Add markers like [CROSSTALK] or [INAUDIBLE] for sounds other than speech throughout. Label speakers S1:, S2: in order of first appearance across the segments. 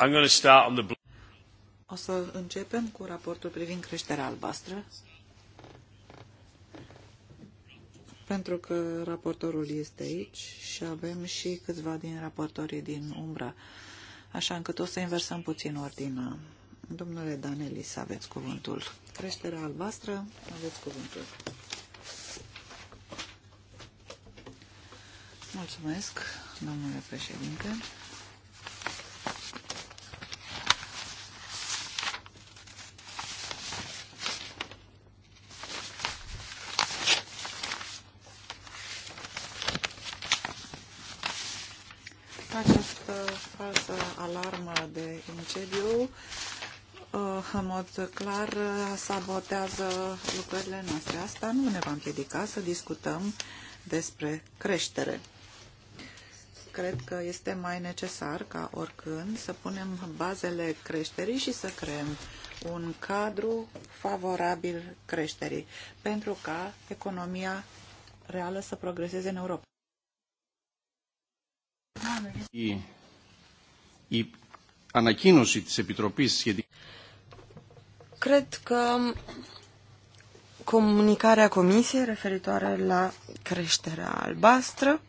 S1: I'm going to start on the... O să începem cu raportul privind creșterea albastră. Pentru că raportorul este aici și avem și câțiva din raportorii din umbra, așa încât o să inversăm puțin ordinea. Domnule Danelis, aveți cuvântul. Creșterea albastră, aveți cuvântul. Mulțumesc, domnule președinte. mod clar sabotează lucrările noastre. Asta nu ne va împiedica să discutăm despre creștere. Cred că este mai necesar ca oricând să punem bazele creșterii și să creăm un cadru favorabil creșterii pentru ca economia reală să progreseze în Europa. Η ανακοίνωση της Επιτροπής σχετικά
S2: Cred că comunicarea Comisiei referitoare la creșterea albastră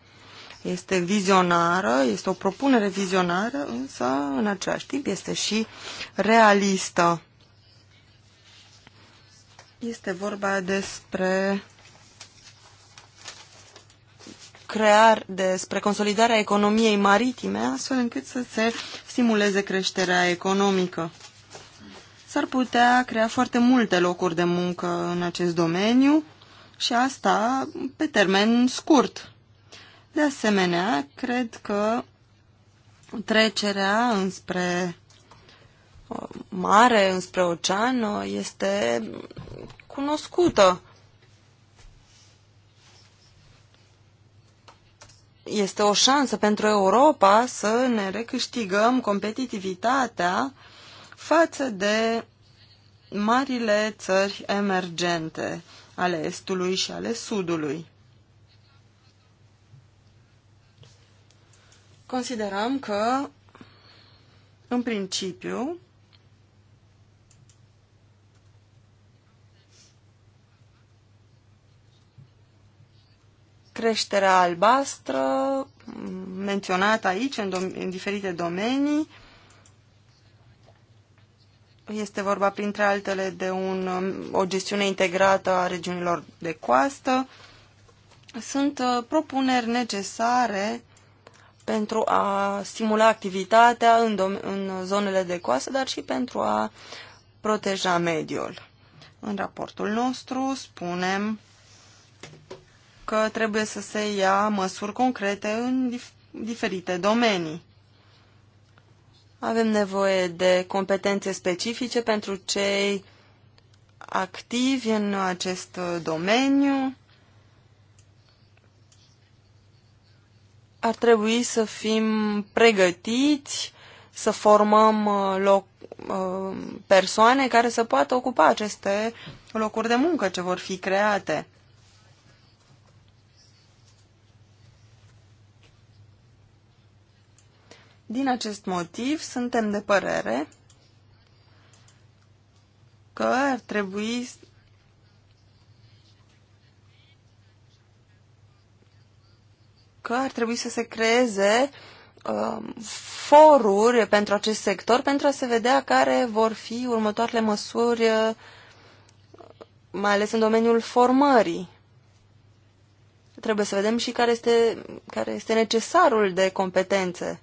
S2: este vizionară, este o propunere vizionară, însă în același timp este și realistă. Este vorba despre crear, despre consolidarea economiei maritime, astfel încât să se stimuleze creșterea economică s-ar putea crea foarte multe locuri de muncă în acest domeniu și asta pe termen scurt. De asemenea, cred că trecerea înspre uh, mare, înspre ocean, uh, este cunoscută. Este o șansă pentru Europa să ne recâștigăm competitivitatea față de marile țări emergente ale Estului și ale Sudului. Considerăm că, în principiu, creșterea albastră, menționată aici în, dom- în diferite domenii, este vorba, printre altele, de un, um, o gestiune integrată a regiunilor de coastă. Sunt uh, propuneri necesare pentru a stimula activitatea în, în zonele de coastă, dar și pentru a proteja mediul. În raportul nostru spunem că trebuie să se ia măsuri concrete în dif diferite domenii. Avem nevoie de competențe specifice pentru cei activi în acest domeniu. Ar trebui să fim pregătiți, să formăm uh, loc, uh, persoane care să poată ocupa aceste locuri de muncă ce vor fi create. Din acest motiv, suntem de părere că ar trebui că ar trebui să se creeze uh, foruri pentru acest sector pentru a se vedea care vor fi următoarele măsuri, uh, mai ales în domeniul formării. Trebuie să vedem și care este, care este necesarul de competențe.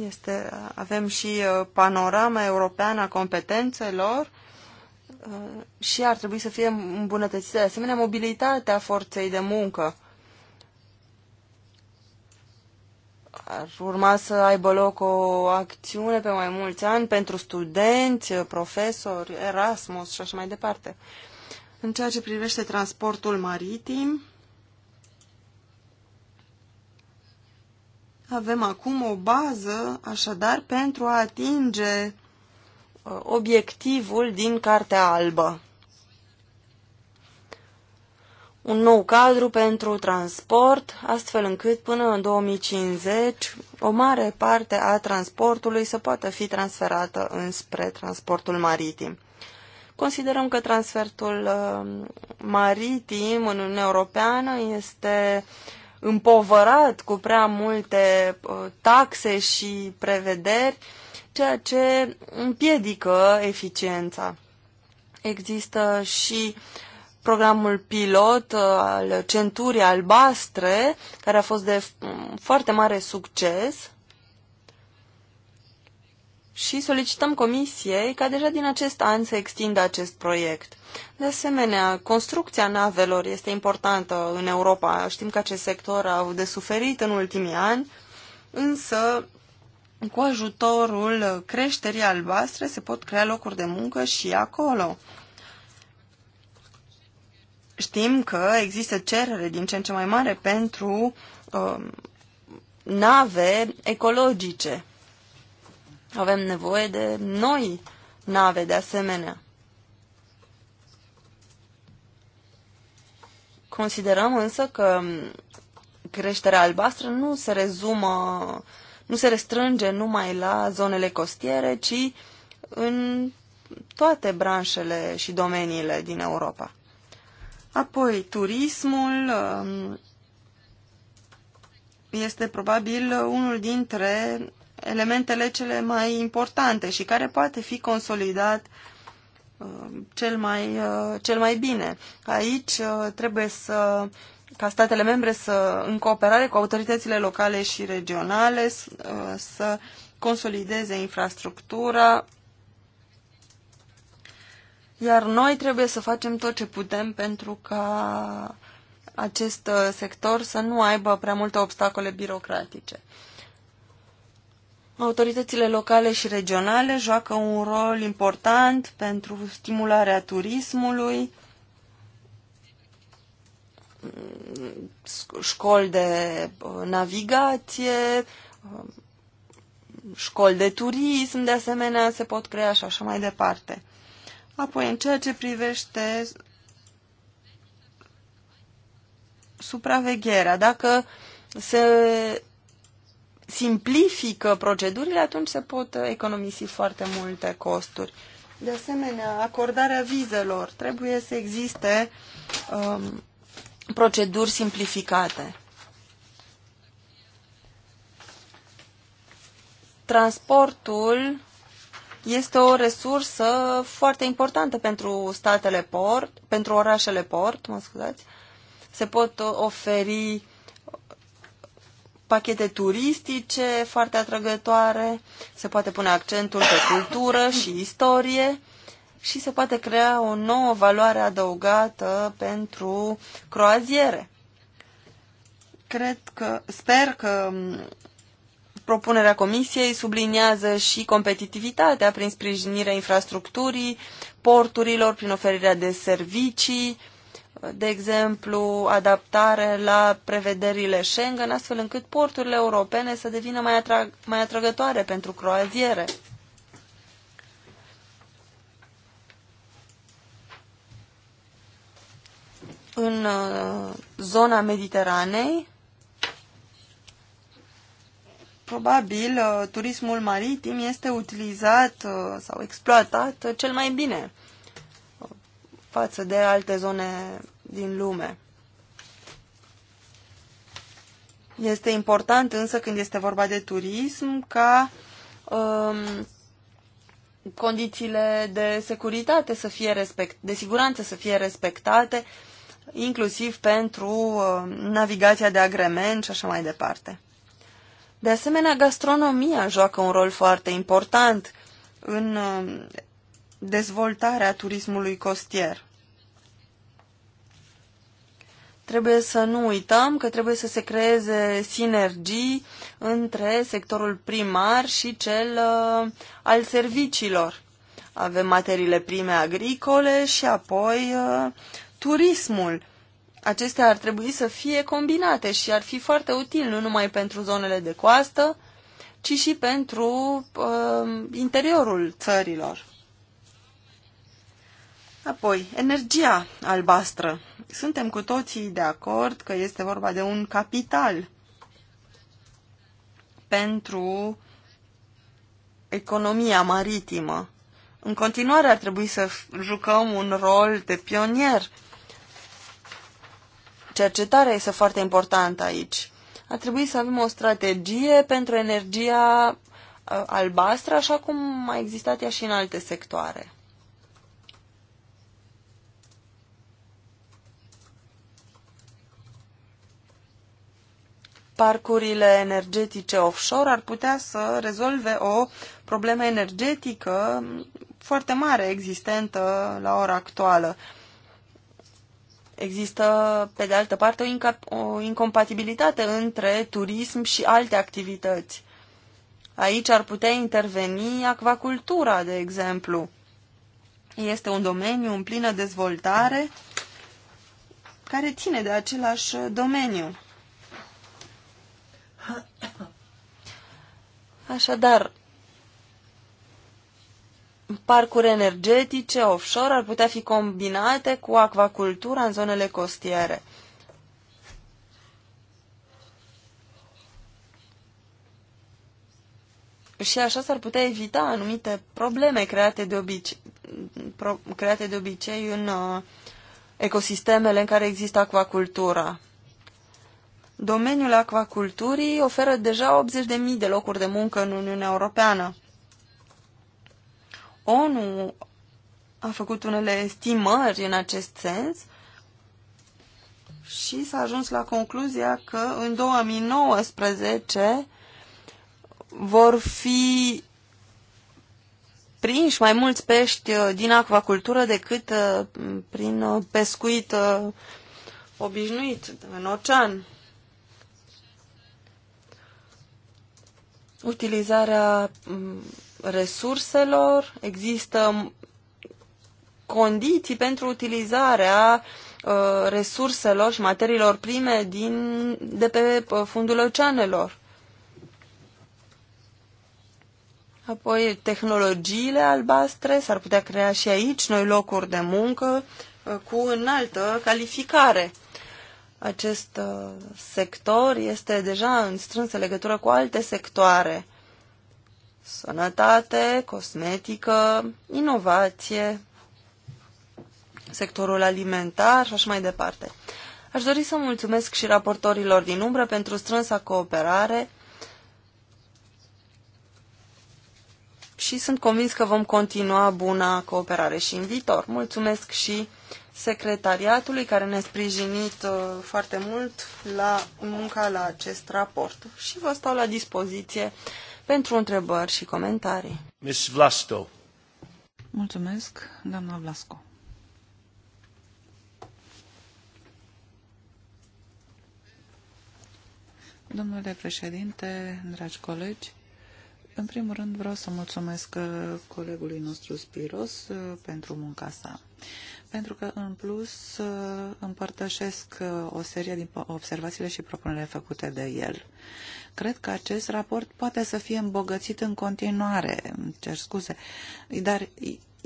S2: Este, avem și uh, panorama europeană a competențelor uh, și ar trebui să fie îmbunătățită de asemenea mobilitatea forței de muncă. Ar urma să aibă loc o acțiune pe mai mulți ani pentru studenți, profesori, Erasmus și așa mai departe. În ceea ce privește transportul maritim, Avem acum o bază, așadar, pentru a atinge uh, obiectivul din Cartea Albă. Un nou cadru pentru transport, astfel încât până în 2050 o mare parte a transportului să poată fi transferată înspre transportul maritim. Considerăm că transferul uh, maritim în Uniunea Europeană este uh, împovărat cu prea multe uh, taxe și prevederi, ceea ce împiedică eficiența. Există și programul pilot uh, al centurii albastre, care a fost de foarte mare succes și solicităm comisiei ca deja din acest an să extindă acest proiect. De asemenea, construcția navelor este importantă în Europa. Știm că acest sector au de suferit în ultimii ani, însă cu ajutorul creșterii albastre se pot crea locuri de muncă și acolo. Știm că există cerere din ce în ce mai mare pentru uh, nave ecologice avem nevoie de noi nave de asemenea. Considerăm însă că creșterea albastră nu se rezumă, nu se restrânge numai la zonele costiere, ci în toate branșele și domeniile din Europa. Apoi, turismul um, este probabil unul dintre elementele cele mai importante și care poate fi consolidat uh, cel mai, uh, cel mai bine. Aici uh, trebuie să, ca statele membre să, în cooperare cu autoritățile locale și regionale, să consolideze infrastructura, iar noi trebuie să facem tot ce putem pentru ca acest sector să nu aibă prea multe obstacole birocratice. Autoritățile locale și regionale joacă un rol important pentru stimularea turismului, școli de uh, navigație, um, școli de turism, de asemenea, se pot crea și așa mai departe. Apoi, în ceea ce privește supravegherea, dacă se simplifică procedurile, atunci se pot economisi foarte multe costuri. De asemenea, acordarea vizelor trebuie să existe um, proceduri simplificate. Transportul este o resursă foarte importantă pentru statele port, pentru orașele port, mă scuzați. Se pot oferi pachete turistice foarte atrăgătoare, se poate pune accentul pe cultură și istorie și se poate crea o nouă valoare adăugată pentru croaziere. Cred că, sper că propunerea comisiei subliniază și competitivitatea prin sprijinirea infrastructurii, porturilor, prin oferirea de servicii, de exemplu, adaptare la prevederile Schengen, astfel încât porturile europene să devină mai, atrag mai atrăgătoare pentru croaziere. În uh, zona Mediteranei, probabil uh, turismul maritim este utilizat uh, sau exploatat cel mai bine față de alte zone din lume. Este important însă când este vorba de turism ca um, condițiile de securitate să fie respect, de siguranță să fie respectate, inclusiv pentru uh, navigația de agrement și așa mai departe. De asemenea, gastronomia joacă un rol foarte important în uh, dezvoltarea turismului costier. Trebuie să nu uităm că trebuie să se creeze sinergii între sectorul primar și cel uh, al serviciilor. Avem materiile prime agricole și apoi uh, turismul. Acestea ar trebui să fie combinate și ar fi foarte util nu numai pentru zonele de coastă, ci și pentru uh, interiorul țărilor. Apoi, energia albastră. Suntem cu toții de acord că este vorba de un capital pentru economia maritimă. În continuare ar trebui să jucăm un rol de pionier. Cercetarea este foarte importantă aici. Ar trebui să avem o strategie pentru energia uh, albastră, așa cum a existat ea și în alte sectoare. parcurile energetice offshore ar putea să rezolve o problemă energetică foarte mare existentă la ora actuală. Există, pe de altă parte, o, o incompatibilitate între turism și alte activități. Aici ar putea interveni acvacultura, de exemplu. Este un domeniu în plină dezvoltare care ține de același domeniu. Așadar, parcuri energetice offshore ar putea fi combinate cu acvacultura în zonele costiere. Și așa s-ar putea evita anumite probleme create de obicei, pro, create de obicei în uh, ecosistemele în care există acvacultura. Domeniul acvaculturii oferă deja 80.000 de locuri de muncă în Uniunea Europeană. ONU a făcut unele estimări în acest sens și s-a ajuns la concluzia că în 2019 vor fi prinși mai mulți pești uh, din acvacultură decât uh, prin uh, pescuit obișnuit în ocean. utilizarea mm, resurselor, există condiții pentru utilizarea uh, resurselor și materiilor prime din, de pe uh, fundul oceanelor. Apoi, tehnologiile albastre, s-ar putea crea și aici noi locuri de muncă uh, cu înaltă calificare. Acest uh, sector este deja în strânsă legătură cu alte sectoare. Sănătate, cosmetică, inovație, sectorul alimentar și așa mai departe. Aș dori să mulțumesc și raportorilor din umbră pentru strânsa cooperare și sunt convins că vom continua buna cooperare și în viitor. Mulțumesc și secretariatului care ne-a sprijinit uh, foarte mult la munca la acest raport și vă stau la dispoziție pentru întrebări și comentarii.
S1: Ms. Vlasto. Mulțumesc, doamna Vlasco. Domnule președinte, dragi colegi, în primul rând vreau să mulțumesc uh, colegului nostru Spiros uh, pentru munca sa pentru că, în plus, uh, împărtășesc uh, o serie din observațiile și propunerile făcute de el. Cred că acest raport poate să fie îmbogățit în continuare, îmi cer scuze, dar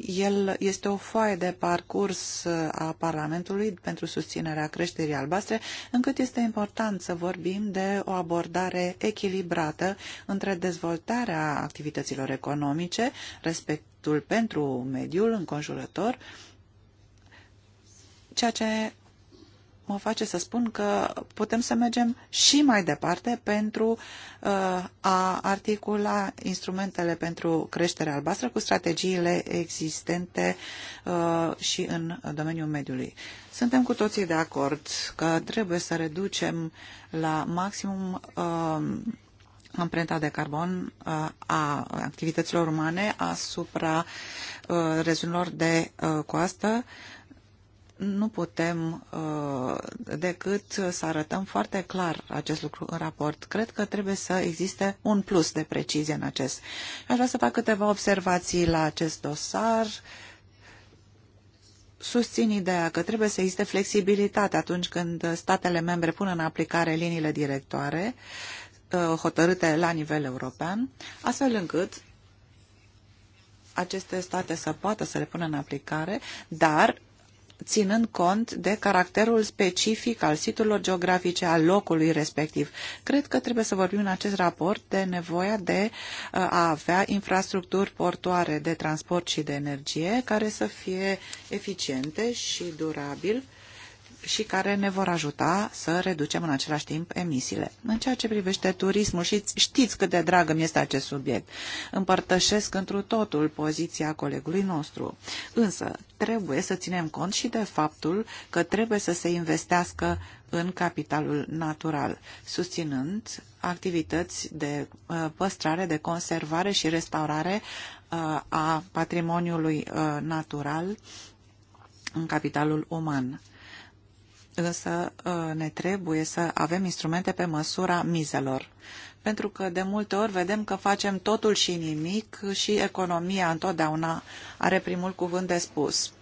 S1: el este o foaie de parcurs uh, a Parlamentului pentru susținerea creșterii albastre, încât este important să vorbim de o abordare echilibrată între dezvoltarea activităților economice, respectul pentru mediul înconjurător, uh, ceea ce mă face să spun că putem să mergem și mai departe pentru uh, a articula instrumentele pentru creșterea albastră cu strategiile existente uh, și în domeniul mediului. Suntem cu toții de acord că trebuie să reducem la maximum uh, amprenta de carbon a activităților umane asupra regiunilor de coastă nu putem uh, decât să arătăm foarte clar acest lucru în raport. Cred că trebuie să existe un plus de precizie în acest. Aș vrea să fac câteva observații la acest dosar. Susțin ideea că trebuie să existe flexibilitate atunci când statele membre pun în aplicare liniile directoare uh, hotărâte la nivel european, astfel încât aceste state să poată să le pună în aplicare, dar ținând cont de caracterul specific al siturilor geografice, al locului respectiv. Cred că trebuie să vorbim în acest raport de nevoia de uh, a avea infrastructuri portoare de transport și de energie care să fie eficiente și durabile și care ne vor ajuta să reducem în același timp emisiile. În ceea ce privește turismul, și știți cât de drag îmi este acest subiect, împărtășesc întru totul poziția colegului nostru. Însă, trebuie să ținem cont și de faptul că trebuie să se investească în capitalul natural, susținând activități de uh, păstrare, de conservare și restaurare uh, a patrimoniului uh, natural în capitalul uman însă ă, ne trebuie să avem instrumente pe măsura mizelor. Pentru că de multe ori vedem că facem totul și nimic și economia întotdeauna are primul cuvânt de spus.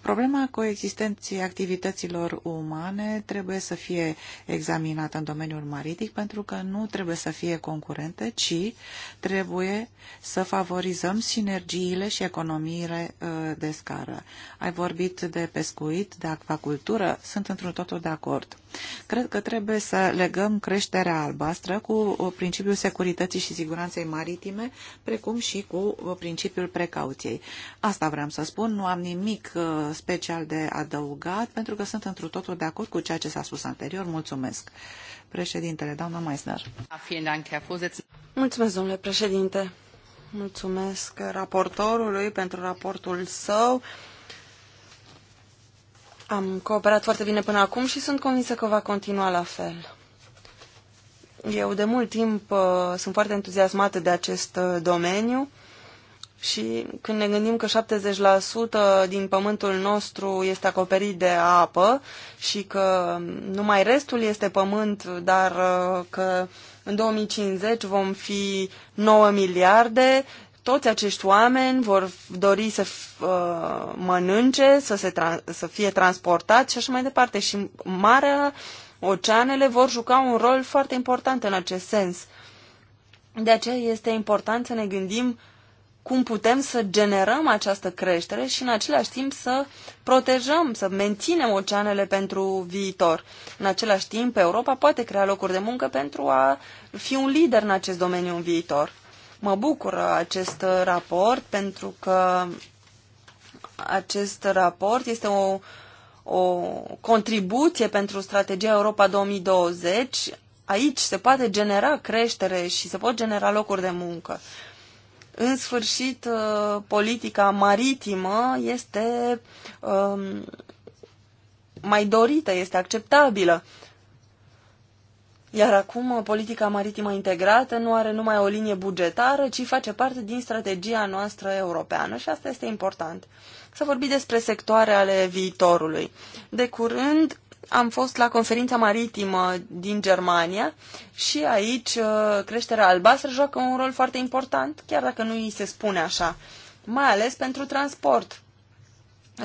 S1: Problema coexistenței activităților umane trebuie să fie examinată în domeniul maritic pentru că nu trebuie să fie concurente, ci trebuie să favorizăm sinergiile și economiile uh, de scară. Ai vorbit de pescuit, de acvacultură, sunt într un totul de acord. Cred că trebuie să legăm creșterea albastră cu uh, principiul securității și siguranței maritime, precum și cu uh, principiul precauției. Asta vreau să spun, nu am nimic uh, special de adăugat, pentru că sunt întru totul de acord cu ceea ce s-a spus anterior. Mulțumesc. Președintele, doamna Meisner. Da,
S2: Mulțumesc, domnule președinte. Mulțumesc raportorului pentru raportul său. Am cooperat foarte bine până acum și sunt convinsă că va continua la fel. Eu de mult timp uh, sunt foarte entuziasmată de acest uh, domeniu și când ne gândim că 70% din pământul nostru este acoperit de apă și că numai restul este pământ, dar uh, că în 2050 vom fi 9 miliarde, toți acești oameni vor dori să uh, mănânce, să, se tra- să fie transportați și așa mai departe. Și marea, oceanele vor juca un rol foarte important în acest sens. De aceea este important să ne gândim cum putem să generăm această creștere și în același timp să protejăm, să menținem oceanele pentru viitor. În același timp, Europa poate crea locuri de muncă pentru a fi un lider în acest domeniu în viitor. Mă bucură acest raport pentru că acest raport este o, o contribuție pentru strategia Europa 2020. Aici se poate genera creștere și se pot genera locuri de muncă. În sfârșit, uh, politica maritimă este um, mai dorită, este acceptabilă. Iar acum uh, politica maritimă integrată nu are numai o linie bugetară, ci face parte din strategia noastră europeană și asta este important. Să vorbim despre sectoare ale viitorului. De curând am fost la conferința maritimă din Germania și aici uh, creșterea albastră joacă un rol foarte important, chiar dacă nu îi se spune așa, mai ales pentru transport.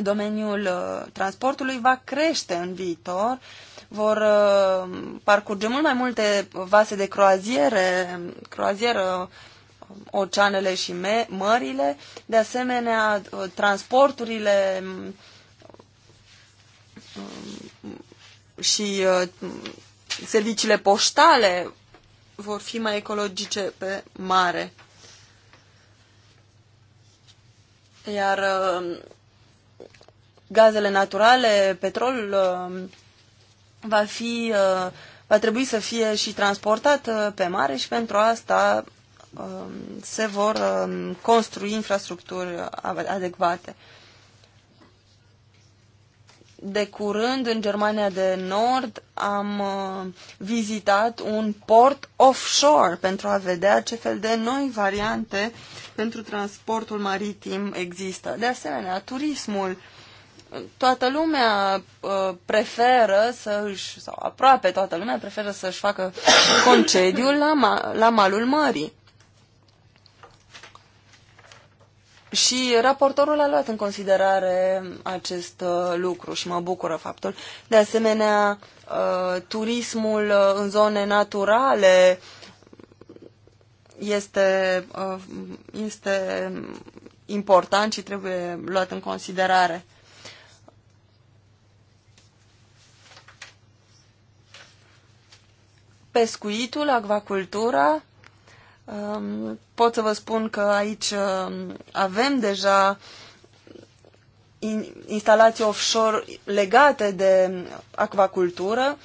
S2: Domeniul uh, transportului va crește în viitor, vor uh, parcurge mult mai multe vase de croaziere, croazieră um, oceanele și mările, de asemenea transporturile um, um, și uh, serviciile poștale vor fi mai ecologice pe mare. Iar uh, gazele naturale, petrolul uh, va fi va trebui să fie și transportat pe mare și pentru asta se vor construi infrastructuri adecvate. De curând, în Germania de Nord, am uh, vizitat un port offshore pentru a vedea ce fel de noi variante pentru transportul maritim există. De asemenea, turismul. Toată lumea uh, preferă să își, sau aproape toată lumea preferă să-și facă [COUGHS] concediul la, ma- la malul mării Și raportorul a luat în considerare acest uh, lucru și mă bucură faptul. De asemenea, uh, turismul uh, în zone naturale este, este important și trebuie luat în considerare. Pescuitul, acvacultura, Um, pot să vă spun că aici um, avem deja instalații offshore legate de acvacultură,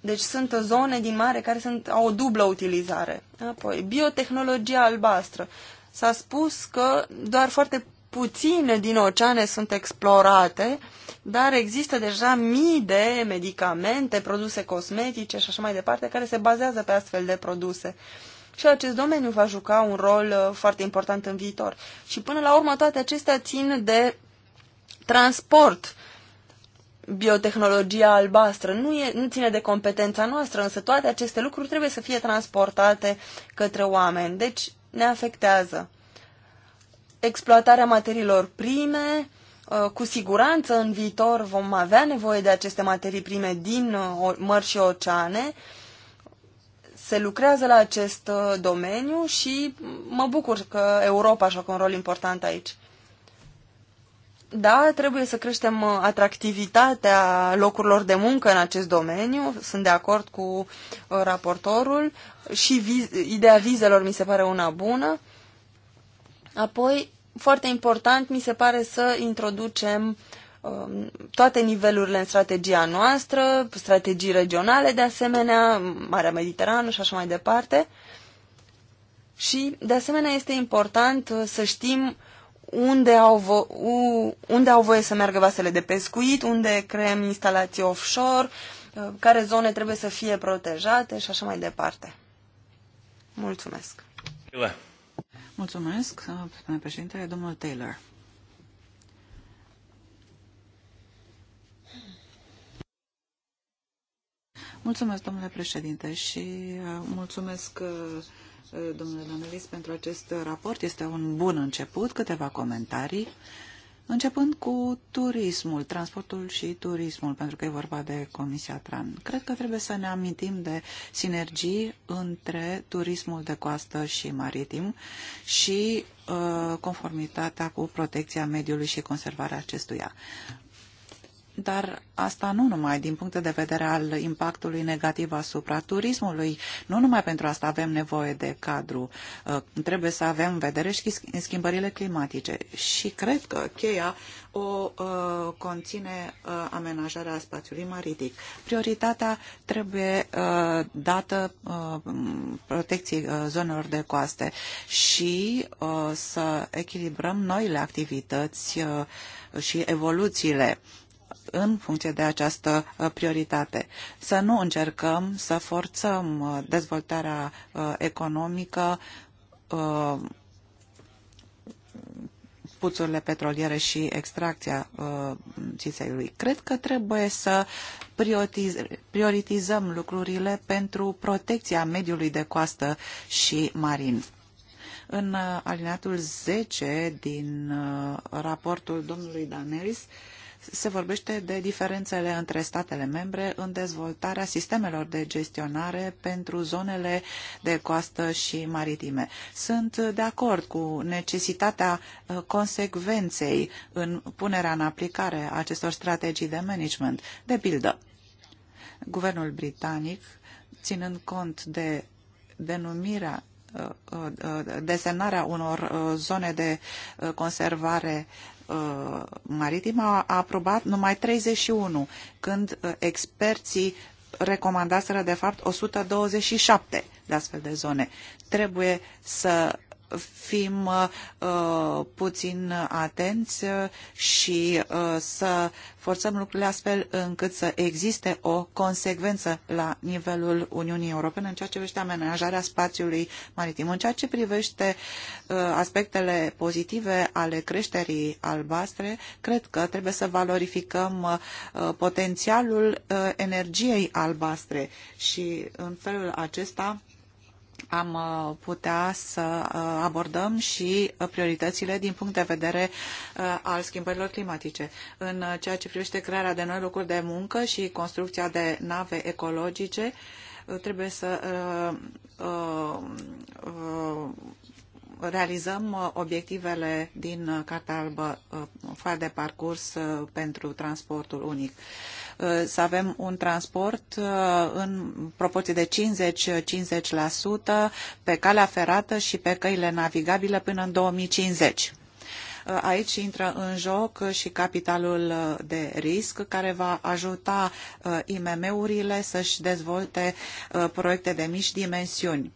S2: deci sunt zone din mare care sunt, au o dublă utilizare. Apoi, biotehnologia albastră. S-a spus că doar foarte puține din oceane sunt explorate, dar există deja mii de medicamente, produse cosmetice și așa mai departe, care se bazează pe astfel de produse. Uh, și acest domeniu va juca un rol uh, foarte important în viitor. Și până la urmă toate acestea țin de transport. Biotehnologia albastră nu, e, nu ține de competența noastră, însă toate aceste lucruri trebuie să fie transportate către oameni. Deci ne afectează. Exploatarea materiilor prime, uh, cu siguranță în viitor vom avea nevoie de aceste materii prime din uh, mări și oceane se lucrează la acest uh, domeniu și mă bucur că Europa joacă un rol important aici. Da, trebuie să creștem uh, atractivitatea locurilor de muncă în acest domeniu. Sunt de acord cu uh, raportorul și viz ideea vizelor mi se pare una bună. Apoi, foarte important, mi se pare să introducem Um, toate nivelurile în strategia noastră, strategii regionale de asemenea, Marea Mediterană și așa mai departe. Și de asemenea este important uh, să știm unde au, vo- unde au voie să meargă vasele de pescuit, unde creăm instalații offshore, uh, care zone trebuie să fie protejate și așa mai departe.
S1: Mulțumesc. Mulțumesc, domnule uh, președinte, domnul Taylor. Mulțumesc, domnule președinte, și uh, mulțumesc uh, uh, domnule analist pentru acest raport. Este un bun început, câteva comentarii. Începând cu turismul, transportul și turismul, pentru că e vorba de Comisia Tran. Cred că trebuie să ne amintim de sinergii între turismul de coastă și maritim și uh, conformitatea cu protecția mediului și conservarea acestuia dar asta nu numai din punct de vedere al impactului negativ asupra turismului. Nu numai pentru asta avem nevoie de cadru. Uh, trebuie să avem în vedere și schimbările climatice. Și cred că cheia o uh, conține uh, amenajarea spațiului maritic. Prioritatea trebuie dată protecției zonelor de coaste și să echilibrăm noile activități și evoluțiile în funcție de această uh, prioritate. Să nu încercăm să forțăm uh, dezvoltarea uh, economică puțurile petroliere și extracția uh, țițeiului. Cred că trebuie să prioritiz prioritizăm lucrurile pentru protecția mediului de coastă și marin. În uh, alineatul 10 din uh, raportul domnului Daneris, uh, se vorbește de diferențele între statele membre în dezvoltarea sistemelor de gestionare pentru zonele de coastă și maritime. Sunt de acord cu necesitatea uh, consecvenței în punerea în aplicare a acestor strategii de management. De pildă, guvernul britanic, ținând cont de denumirea uh, uh, desemnarea unor zone de conservare uh, Maritimă a aprobat numai 31, când uh, experții recomandaseră de fapt 127 de astfel de zone. Trebuie să fim uh, puțin atenți și uh, să forțăm lucrurile astfel încât să existe o consecvență la nivelul Uniunii Europene în ceea ce privește amenajarea spațiului maritim. În ceea ce privește uh, aspectele pozitive ale creșterii albastre, cred că trebuie să valorificăm uh, potențialul uh, energiei albastre și în felul acesta am uh, putea să uh, abordăm și uh, prioritățile din punct de vedere al schimbărilor climatice. În ceea ce privește crearea de noi locuri de muncă și construcția de nave ecologice, trebuie să realizăm obiectivele din Cartea Albă, foaia de parcurs pentru transportul unic. Eh, să avem un transport eh, în proporție de 50-50% pe calea ferată și pe căile navigabile până în 2050. Eh, aici intră în joc și capitalul de risc care va ajuta IMM-urile să-și dezvolte proiecte de mici dimensiuni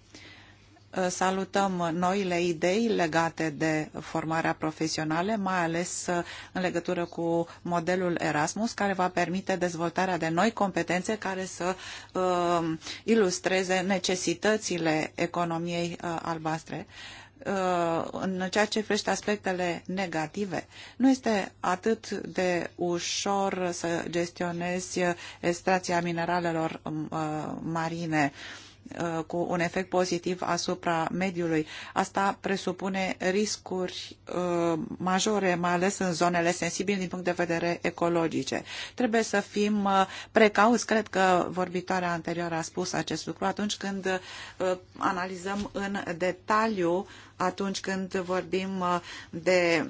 S1: Uh, salutăm noile idei legate de formarea profesională, mai ales uh, în legătură cu modelul Erasmus, care va permite dezvoltarea de noi competențe care să uh, ilustreze necesitățile economiei uh, albastre. Uh, în ceea ce privește aspectele negative, nu este atât de ușor să gestionezi extracția mineralelor marine uh, Uh, cu un efect pozitiv asupra mediului. Asta presupune riscuri uh, majore, mai ales în zonele sensibile din punct de vedere ecologice. Trebuie să fim uh, precauți, cred că vorbitoarea anterioară a spus acest lucru, atunci când analizăm în detaliu atunci când vorbim de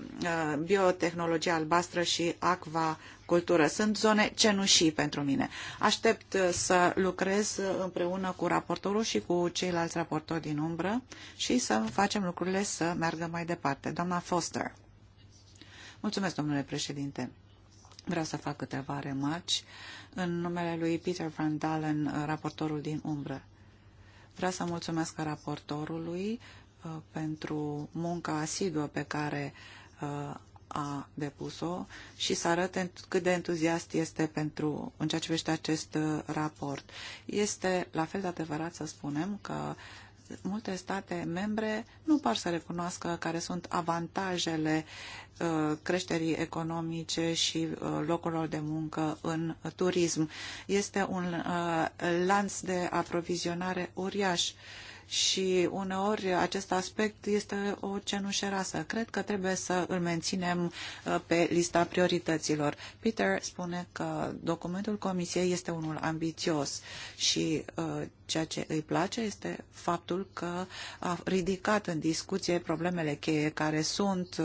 S1: biotehnologia albastră și aqua agricultură. Sunt zone cenușii pentru mine. Aștept uh, să lucrez uh, împreună cu raportorul și cu ceilalți raportori din umbră și să facem lucrurile să meargă mai departe. Doamna Foster. Mulțumesc, domnule președinte. Vreau să fac câteva remarci în numele lui Peter Van Dalen, uh, raportorul din umbră. Vreau să mulțumesc raportorului pentru munca asiduă pe care a depus-o și să arate cât de entuziast este pentru, în ceea ce vește acest uh, raport. Este la fel de adevărat să spunem că multe state membre nu par să recunoască care sunt avantajele uh, creșterii economice și uh, locurilor de muncă în turism. Este un lanț de aprovizionare uriaș și uneori acest aspect este o cenușă rasă. Cred că trebuie să îl menținem uh, pe lista priorităților. Peter spune că documentul Comisiei este unul ambițios și uh, ceea ce îi place este faptul că a ridicat în discuție problemele cheie care sunt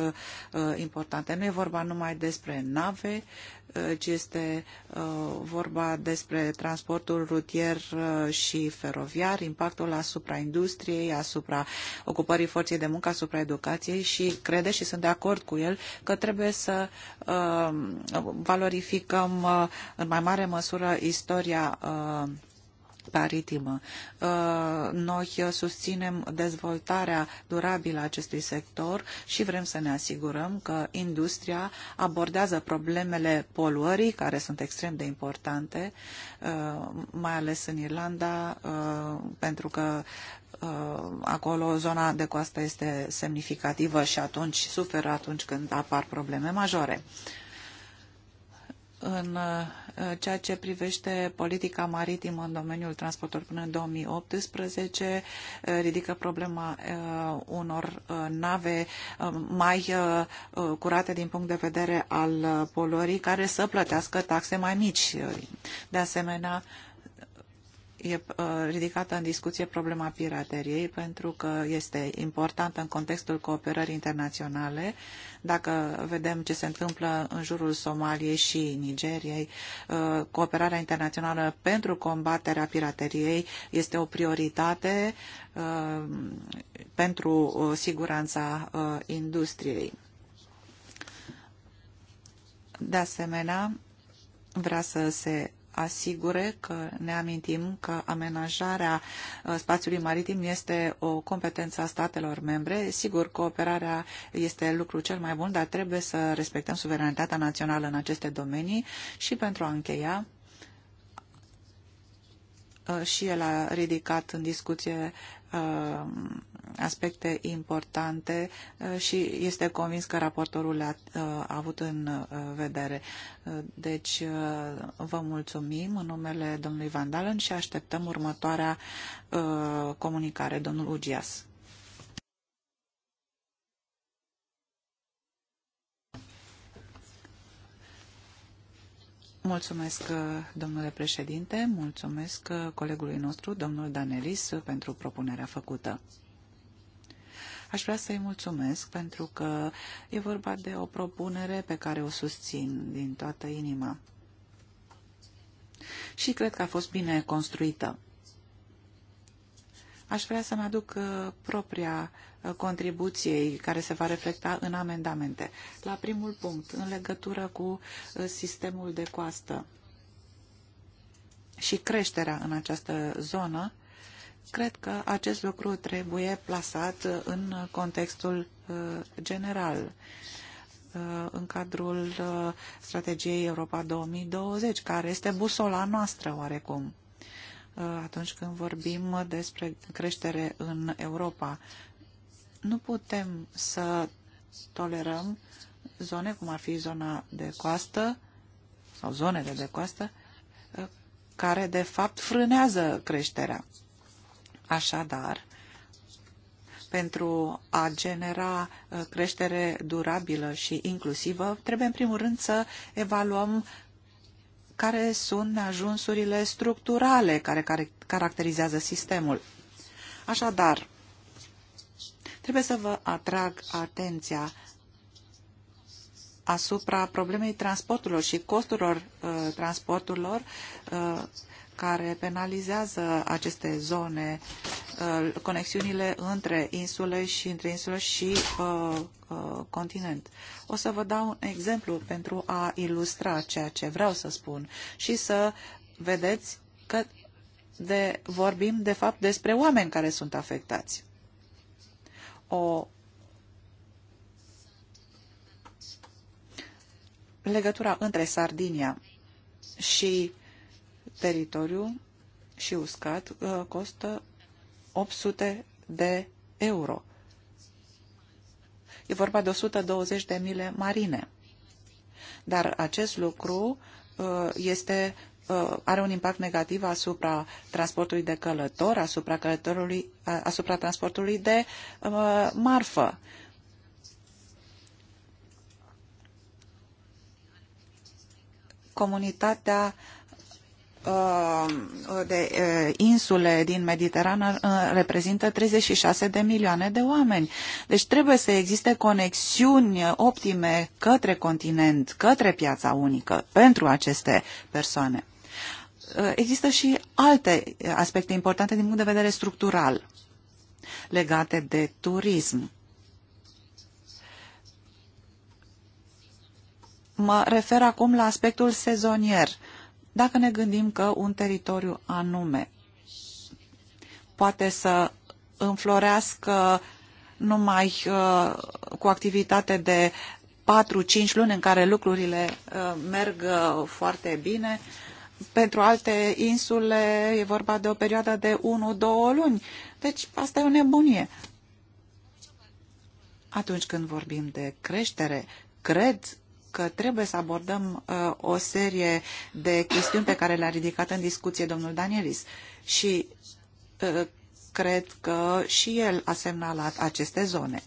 S1: uh, importante. Nu e vorba numai despre nave, ci deci este uh, vorba despre transportul rutier uh, și feroviar, impactul asupra industriei, asupra ocupării forței de muncă, asupra educației și crede și sunt de acord cu el că trebuie să uh, valorificăm în mai mare măsură istoria maritimă. Uh, noi susținem dezvoltarea durabilă a acestui sector și vrem să ne asigurăm că industria abordează problemele poluării, care sunt extrem de importante, uh, mai ales în Irlanda, uh, pentru că acolo zona de coastă este semnificativă și atunci suferă atunci când apar probleme majore în uh, ceea ce privește politica maritimă în domeniul transportului până în 2018, uh, ridică problema uh, unor nave mai curate din punct de vedere al poluării, care să plătească taxe mai mici. De asemenea, e uh, ridicată în discuție problema pirateriei pentru că este importantă în contextul cooperării internaționale. Dacă vedem ce se întâmplă în jurul Somaliei și Nigeriei, uh, cooperarea internațională pentru combaterea pirateriei este o prioritate uh, pentru siguranța industriei. De asemenea, vrea să se asigure că ne amintim că amenajarea uh, spațiului maritim este o competență a statelor membre. Sigur, cooperarea este lucru cel mai bun, dar trebuie să respectăm suveranitatea națională în aceste domenii și pentru a încheia uh, și el a ridicat în discuție Uh, aspecte importante uh, și este convins că raportorul le-a uh, avut în vedere. Deci vă mulțumim în numele domnului Van Dalen și așteptăm următoarea comunicare. Domnul Ugias. Mulțumesc, uh, domnule președinte, mulțumesc uh, colegului nostru, domnul Danelis, uh, pentru propunerea făcută. Aș vrea să-i mulțumesc pentru că e vorba de o propunere pe care o susțin din toată inima. Și cred că a fost bine construită. Aș vrea să-mi aduc propria Uh, contribuției care se va reflecta în amendamente. La primul punct, în legătură cu uh, sistemul de coastă și creșterea în această zonă, cred că acest lucru trebuie plasat uh, în contextul general în cadrul strategiei Europa 2020, care este busola noastră oarecum atunci când vorbim despre creștere în Europa. Nu putem să tolerăm zone, cum ar fi zona de coastă sau zonele de coastă, care de fapt frânează creșterea. Așadar, pentru a genera uh, creștere durabilă și inclusivă, trebuie în primul rând să evaluăm care sunt ajunsurile structurale care, care caracterizează sistemul. Așadar, Trebuie să vă atrag atenția asupra problemei transporturilor și costurilor uh, transporturilor uh, care penalizează aceste zone, uh, conexiunile între insule și între insule și uh, uh, continent. O să vă dau un exemplu pentru a ilustra ceea ce vreau să spun și să vedeți că de, vorbim de fapt despre oameni care sunt afectați o legătura între Sardinia și teritoriu și uscat uh, costă 800 de euro. E vorba de 120 de mile marine. Dar acest lucru uh, este Uh, are un impact negativ asupra transportului de călător, asupra, călătorului, uh, asupra transportului de uh, marfă. Comunitatea de insule din Mediterană reprezintă 36 de milioane de oameni. Deci trebuie să existe conexiuni optime către continent, către piața unică pentru aceste persoane. Uh, există și alte aspecte importante din punct de vedere structural legate de turism. Mă refer acum la aspectul sezonier. Dacă ne gândim că un teritoriu anume poate să înflorească numai uh, cu activitate de 4-5 luni în care lucrurile uh, merg uh, foarte bine, uh, pentru alte insule e vorba de o perioadă de 1-2 luni. Deci asta e o nebunie. Atunci când vorbim de creștere, cred că trebuie să abordăm uh, o serie de chestiuni pe care le-a ridicat în discuție domnul Danielis și uh, cred că și el a semnalat aceste zone.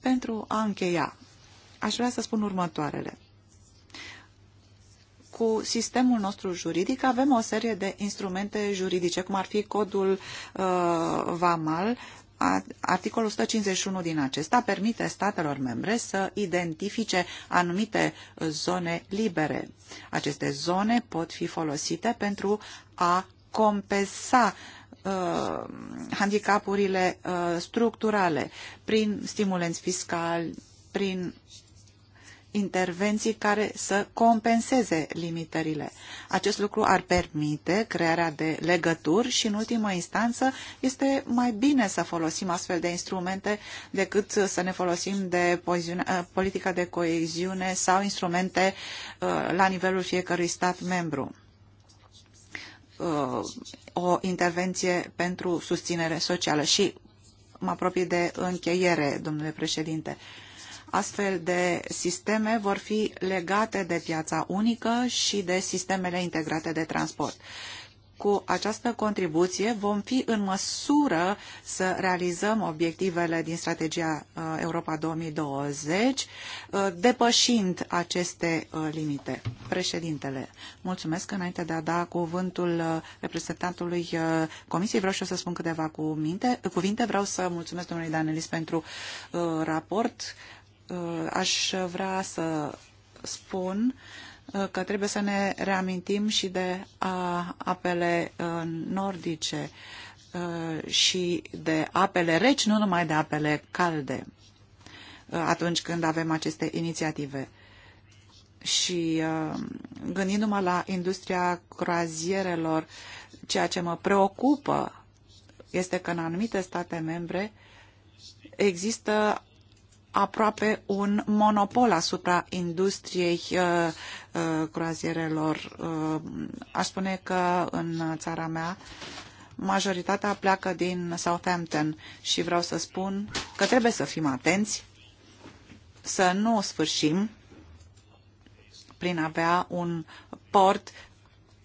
S1: Pentru a încheia, aș vrea să spun următoarele cu sistemul nostru juridic avem o serie de instrumente juridice, cum ar fi codul uh, VAMAL, Articolul 151 din acesta permite statelor membre să identifice anumite zone libere. Aceste zone pot fi folosite pentru a compensa uh, handicapurile uh, structurale prin stimulenți fiscali, prin intervenții care să compenseze limitările. Acest lucru ar permite crearea de legături și, în ultimă instanță, este mai bine să folosim astfel de instrumente decât să ne folosim de eh, politica de coeziune sau instrumente eh, la nivelul fiecărui stat membru eh, o intervenție pentru susținere socială. Și mă apropii de încheiere, domnule președinte. Uh, Astfel de sisteme vor fi legate de piața unică și de sistemele integrate de transport. Cu această contribuție vom fi în măsură să realizăm obiectivele din strategia uh, Europa 2020, uh, depășind aceste uh, limite. Președintele, mulțumesc înainte de a da cuvântul reprezentantului Comisiei. Vreau și eu să spun câteva cuvinte. Vreau să mulțumesc domnului Danelis pentru raport Uh, aș vrea să spun uh, că trebuie să ne reamintim și de apele uh, nordice și de apele reci, nu numai de apele calde, atunci când avem aceste inițiative. Și gândindu-mă la industria croazierelor, ceea ce mă preocupă este că în anumite state membre există aproape un monopol asupra industriei uh, uh, croazierelor. Uh, aș spune că în țara mea majoritatea pleacă din Southampton și vreau să spun că trebuie să fim atenți, să nu sfârșim prin a avea un port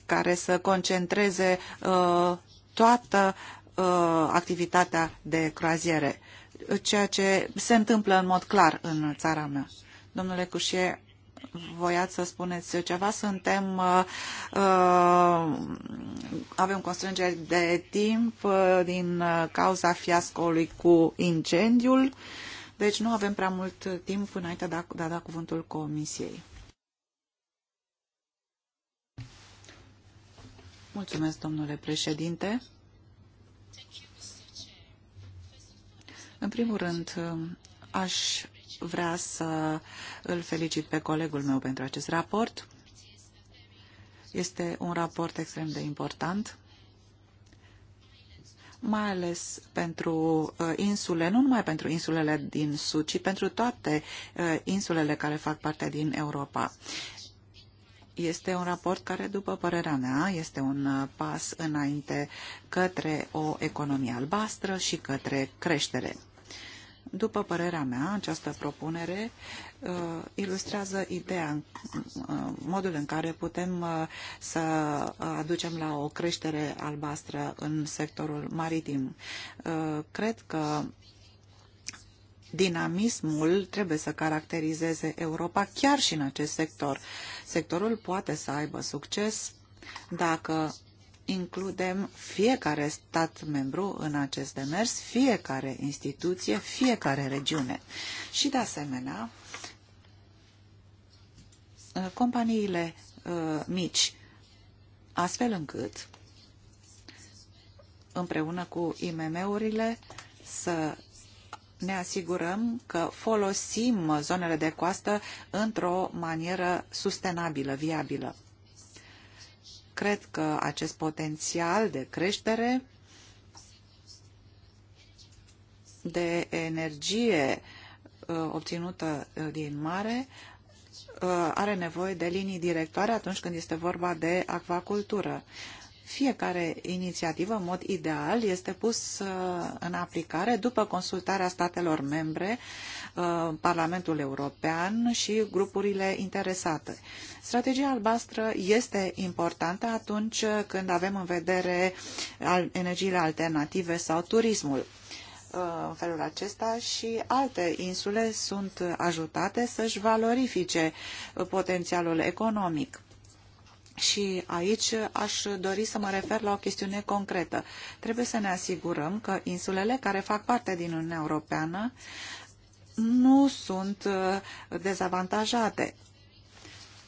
S1: care să concentreze uh, toată uh, activitatea de croaziere ceea ce se întâmplă în mod clar în țara mea. Domnule Cușie, voiați să spuneți ceva? Suntem, uh, uh avem constrângeri de timp uh, din uh, cauza fiascoului cu incendiul, deci nu avem prea mult timp înainte de a, de a da cuvântul comisiei. Mulțumesc, domnule președinte. În primul rând, aș vrea să îl felicit pe colegul meu pentru acest raport. Este un raport extrem de important, mai ales pentru uh, insule, nu numai pentru insulele din Sud, ci pentru toate uh, insulele care fac parte din Europa. Este un raport care, după părerea mea, este un uh, pas înainte către o economie albastră și către creștere. După părerea mea, această propunere uh, ilustrează ideea, uh, modul în care putem uh, să aducem la o creștere albastră în sectorul maritim. Uh, cred că dinamismul trebuie să caracterizeze Europa chiar și în acest sector. Uh, Sectorul poate să aibă succes dacă includem fiecare stat membru în acest demers, fiecare instituție, fiecare regiune. Și de asemenea, companiile uh, mici, astfel încât împreună cu IMM-urile să ne asigurăm că folosim zonele de coastă într-o manieră sustenabilă, viabilă. Cred că acest potențial de creștere de energie uh, obținută uh, din mare uh, are nevoie de linii directoare atunci când este vorba de acvacultură. Fiecare inițiativă, în mod ideal, este pus uh, în aplicare după consultarea statelor membre, uh, Parlamentul European și grupurile interesate. Strategia albastră este importantă atunci când avem în vedere energiile alternative sau turismul uh, în felul acesta și alte insule sunt ajutate să-și valorifice potențialul economic. Și aici aș dori să mă refer la o chestiune concretă. Trebuie să ne asigurăm că insulele care fac parte din Uniunea Europeană nu sunt uh, dezavantajate.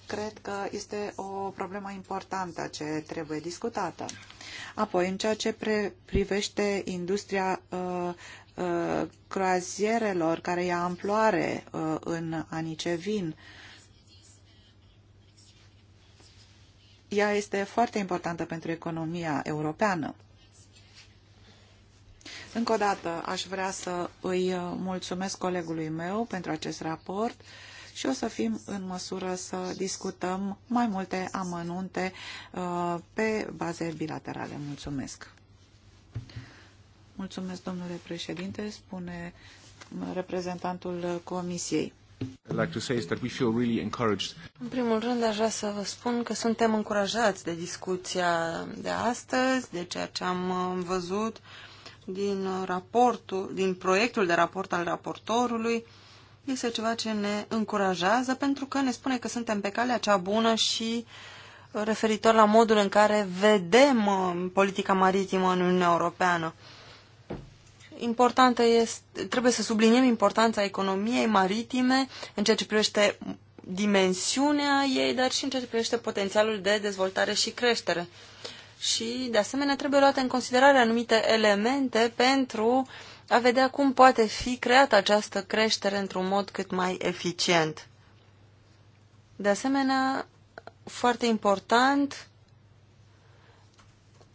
S1: Cred că este o problemă importantă ce trebuie discutată. Apoi, în ceea ce privește industria uh, uh, croazierelor care ia amploare uh, în anii ce vin, uh, ea este foarte importantă pentru economia europeană. Încă o dată aș vrea să îi uh, mulțumesc colegului meu pentru acest raport și o să fim în măsură să discutăm mai multe amănunte uh, pe baze bilaterale. Mulțumesc! Mulțumesc, domnule președinte, spune uh, reprezentantul Comisiei. În primul
S2: rând, aș vrea să vă spun că suntem încurajați de discuția de astăzi, de ceea ce am văzut din, raportul, din proiectul de raport al raportorului. Este ceva ce ne încurajează pentru că ne spune că suntem pe calea cea bună și referitor la modul în care vedem uh, politica maritimă în Uniunea Europeană importantă este, trebuie să subliniem importanța economiei maritime în ceea ce privește dimensiunea ei, dar și în ceea ce privește potențialul de dezvoltare și creștere. Și, de asemenea, trebuie luate în considerare anumite elemente pentru a vedea cum poate fi creată această creștere într-un mod cât mai eficient. De asemenea, foarte important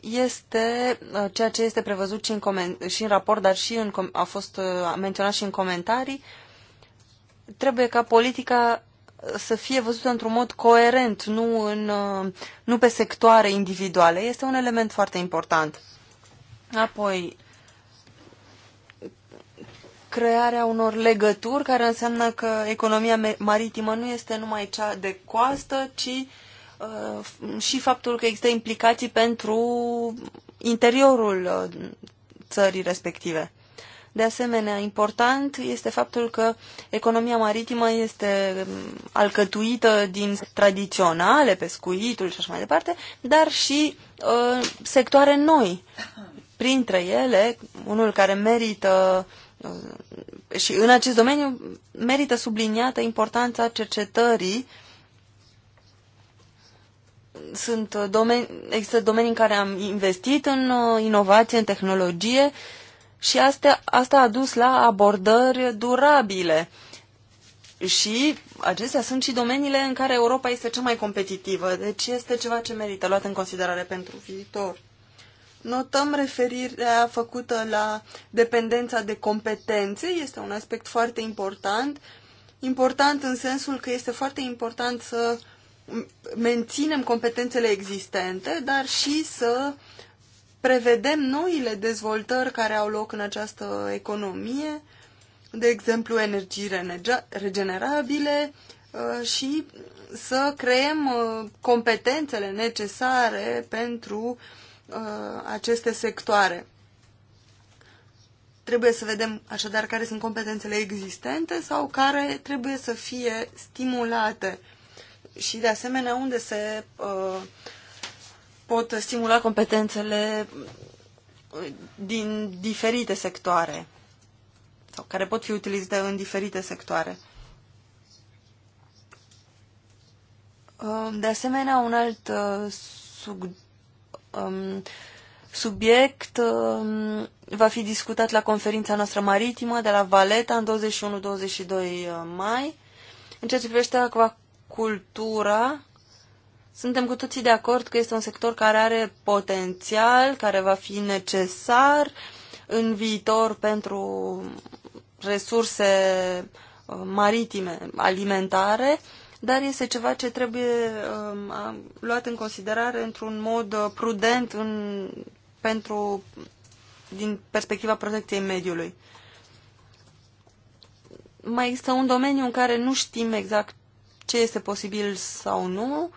S2: este uh, ceea ce este prevăzut și în, și în raport, dar și în, a fost uh, menționat și în comentarii. Trebuie ca politica să fie văzută într-un mod coerent, nu, în, uh, nu pe sectoare individuale. Este un element foarte important. Apoi, crearea unor legături, care înseamnă că economia maritimă nu este numai cea de coastă, ci Uh, și faptul că există implicații pentru interiorul uh, țării respective. De asemenea, important este faptul că economia maritimă este um, alcătuită din tradiționale, pescuitul și așa mai departe, dar și uh, sectoare noi. Printre ele, unul care merită uh, și în acest domeniu merită subliniată importanța cercetării sunt uh, domeni, există domenii în care am investit în uh, inovație, în tehnologie și asta, asta a dus la abordări durabile. Și acestea sunt și domeniile în care Europa este cea mai competitivă, deci este ceva ce merită luat în considerare pentru viitor. Notăm referirea făcută la dependența de competențe, este un aspect foarte important, important în sensul că este foarte important să uh, menținem competențele existente, dar și să prevedem noile dezvoltări care au loc în această economie, de exemplu energii regenerabile uh, și să creăm uh, competențele necesare pentru uh, aceste sectoare. Trebuie să vedem așadar care sunt competențele existente sau care trebuie să fie stimulate și, de asemenea, unde se uh, pot stimula competențele uh, din diferite sectoare sau care pot fi utilizate în diferite sectoare. Um, de asemenea, un alt uh, sub, um, subiect um, va fi discutat la conferința noastră maritimă de la Valeta în 21-22 mai. În ceea ce privește cultura, suntem cu toții de acord că este un sector care are potențial, care va fi necesar în viitor pentru resurse uh, maritime, alimentare, dar este ceva ce trebuie um, luat în considerare într-un mod uh, prudent în, pentru, din perspectiva protecției mediului. Mai există un domeniu în care nu știm exact ce este posibil sau nu.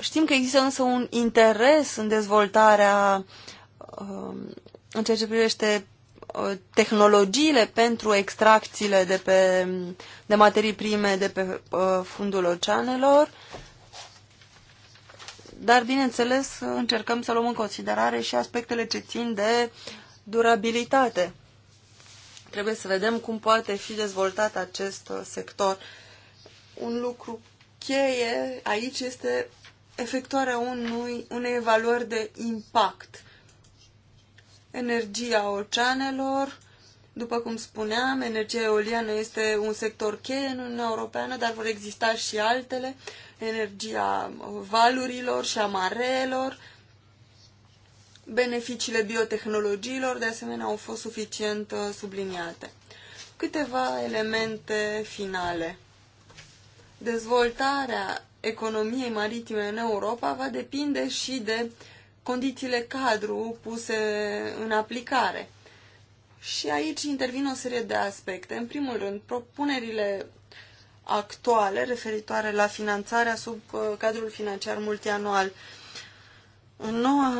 S2: Știm că există însă un interes în dezvoltarea um, în ceea ce privește uh, tehnologiile pentru extracțiile de, pe, de materii prime de pe uh, fundul oceanelor, dar, bineînțeles, încercăm să luăm în considerare și aspectele ce țin de durabilitate. Trebuie să vedem cum poate fi dezvoltat acest uh, sector. Un lucru cheie aici este efectuarea unui, unei evaluări de impact. Energia oceanelor, după cum spuneam, energia eoliană este un sector cheie în Uniunea Europeană, dar vor exista și altele, energia valurilor și a marelor, Beneficiile biotehnologiilor, de asemenea, au fost suficient uh, subliniate. Câteva elemente finale. Dezvoltarea economiei maritime în Europa va depinde și de condițiile cadru puse în aplicare. Și aici intervin o serie de aspecte. În primul rând, propunerile actuale referitoare la finanțarea sub uh, cadrul financiar multianual în, noua,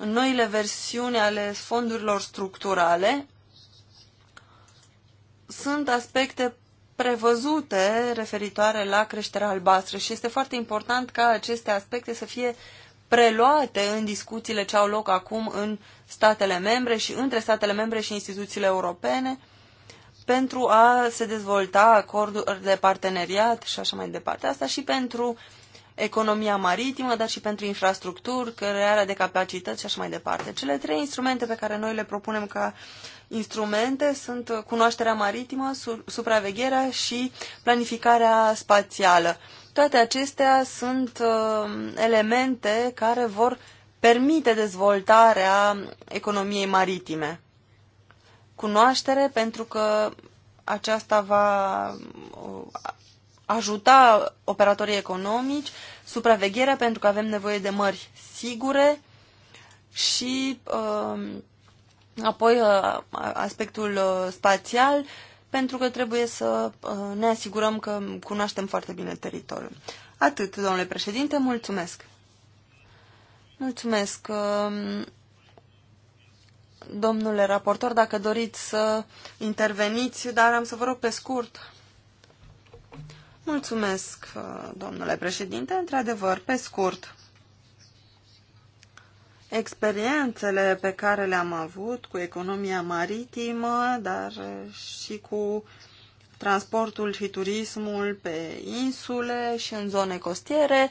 S2: în noile versiuni ale fondurilor structurale sunt aspecte prevăzute referitoare la creșterea albastră și este foarte important ca aceste aspecte să fie preluate în discuțiile ce au loc acum în statele membre și între statele membre și instituțiile europene pentru a se dezvolta acorduri de parteneriat și așa mai departe. Asta și pentru economia maritimă, dar și pentru infrastructuri, crearea de capacități și așa mai departe. Cele trei instrumente pe care noi le propunem ca instrumente sunt cunoașterea maritimă, supravegherea și planificarea spațială. Toate acestea sunt uh, elemente care vor permite dezvoltarea economiei maritime. Cunoaștere pentru că aceasta va uh, ajuta operatorii economici, supravegherea pentru că avem nevoie de mări sigure și uh, apoi uh, aspectul uh, spațial pentru că trebuie să uh, ne asigurăm că cunoaștem foarte bine teritoriul. Atât, domnule președinte, mulțumesc. Mulțumesc. Uh, domnule raportor, dacă doriți să interveniți, dar am să vă rog pe scurt. Mulțumesc, uh, domnule președinte. Într-adevăr, pe scurt, experiențele pe care le-am avut cu economia maritimă, dar uh, și cu transportul și turismul pe insule și în zone costiere.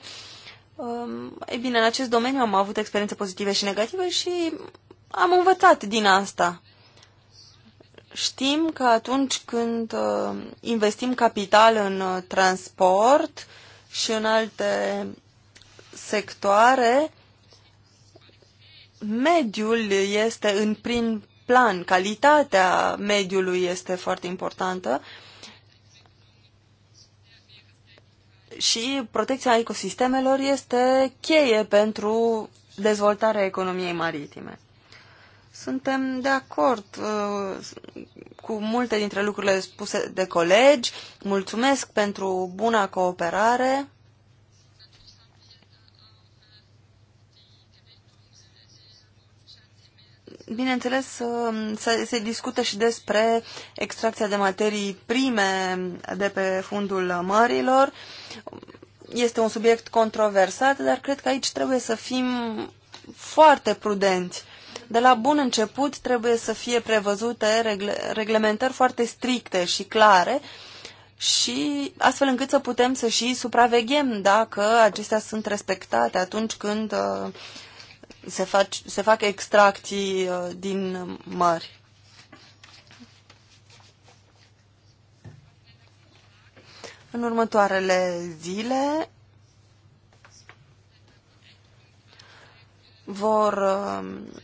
S2: Um, ei bine, în acest domeniu am avut experiențe pozitive și negative și am învățat din asta. Știm că atunci când uh, investim capital în uh, transport și în alte sectoare, mediul este în prim plan, calitatea mediului este foarte importantă și protecția ecosistemelor este cheie pentru dezvoltarea economiei maritime. Suntem de acord uh, cu multe dintre lucrurile spuse de colegi. Mulțumesc pentru buna cooperare. Bineînțeles, uh, se, se discută și despre extracția de materii prime de pe fundul mărilor. Este un subiect controversat, dar cred că aici trebuie să fim foarte prudenți de la bun început trebuie să fie prevăzute regle, reglementări foarte stricte și clare și astfel încât să putem să și supraveghem dacă acestea sunt respectate atunci când uh, se, fac, se fac extracții uh, din mări. În următoarele zile vor uh,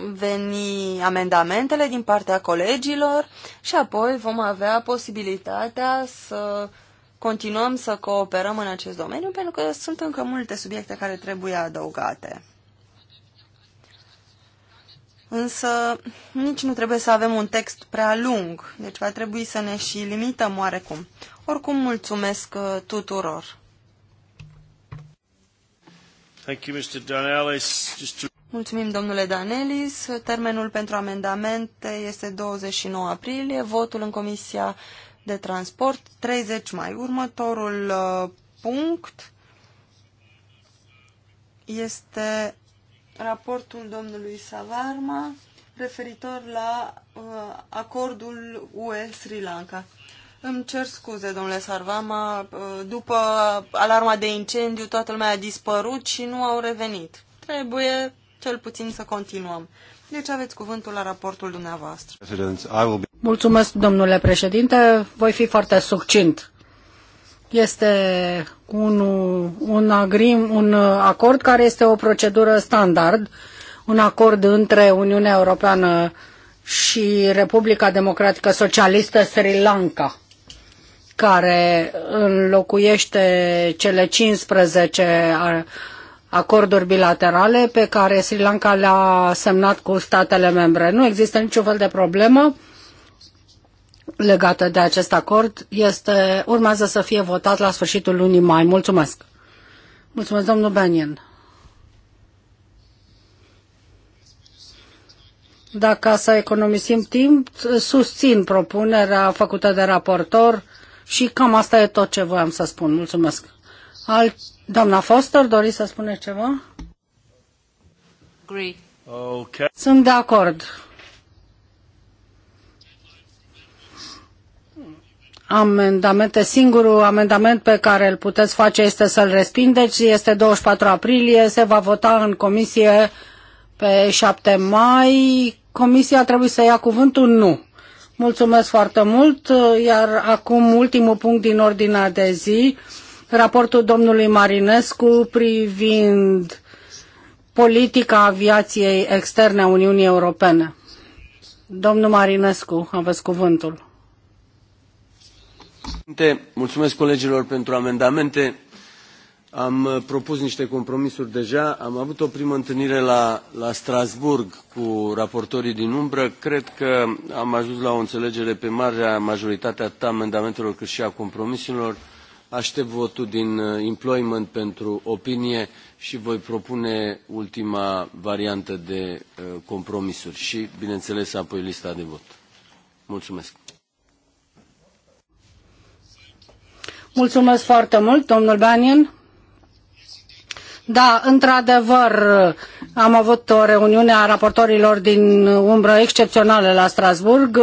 S2: veni amendamentele din partea colegilor și apoi vom avea posibilitatea să continuăm să cooperăm în acest domeniu, pentru că sunt încă multe subiecte care trebuie adăugate. Însă nici nu trebuie să avem un text prea lung, deci va trebui să ne și limităm oarecum. Oricum, mulțumesc uh, tuturor. Thank you, Mr. Mulțumim, domnule Danelis. Termenul pentru amendamente este 29 aprilie, votul în Comisia de Transport 30 mai. Următorul uh, punct este raportul domnului Savarma referitor la uh, acordul UE-Sri Lanka. Îmi cer scuze, domnule Sarvama, uh, după alarma de incendiu toată lumea a dispărut și nu au revenit. Trebuie cel puțin să continuăm. Deci aveți cuvântul la raportul dumneavoastră.
S3: Mulțumesc, domnule președinte. Voi fi foarte succint. Este un, un, agrim, un acord care este o procedură standard, un acord între Uniunea Europeană și Republica Democratică Socialistă Sri Lanka, care înlocuiește cele 15 acorduri bilaterale pe care Sri Lanka le-a semnat cu statele membre. Nu există niciun fel de problemă legată de acest acord. Este, urmează să fie votat la sfârșitul lunii mai. Mulțumesc! Mulțumesc, domnul Benien. Dacă să economisim timp, susțin propunerea făcută de raportor și cam asta e tot ce voiam să spun. Mulțumesc. Alt Doamna Foster, doriți să spuneți ceva? Agree. Okay. Sunt de acord. amendamente. Singurul amendament pe care îl puteți face este să-l respingeți. Este 24 aprilie, se va vota în comisie pe 7 mai. Comisia trebuie să ia cuvântul? Nu. Mulțumesc foarte mult. Iar acum ultimul punct din ordinea de zi raportul domnului Marinescu privind politica aviației externe a Uniunii Europene. Domnul Marinescu, aveți cuvântul.
S2: Mulțumesc colegilor pentru amendamente. Am uh, propus niște compromisuri deja. Am avut o primă întâlnire la, la Strasburg cu raportorii din umbră. Cred că am ajuns la o înțelegere pe marea majoritatea amendamentelor cât și a compromisurilor. Aștept votul din uh, employment pentru opinie și voi propune ultima variantă de uh, compromisuri și, bineînțeles, apoi lista de vot. Mulțumesc.
S3: Mulțumesc foarte mult, domnul Banian. Da, într-adevăr, am avut o reuniune a raportorilor din umbră excepțională la Strasburg.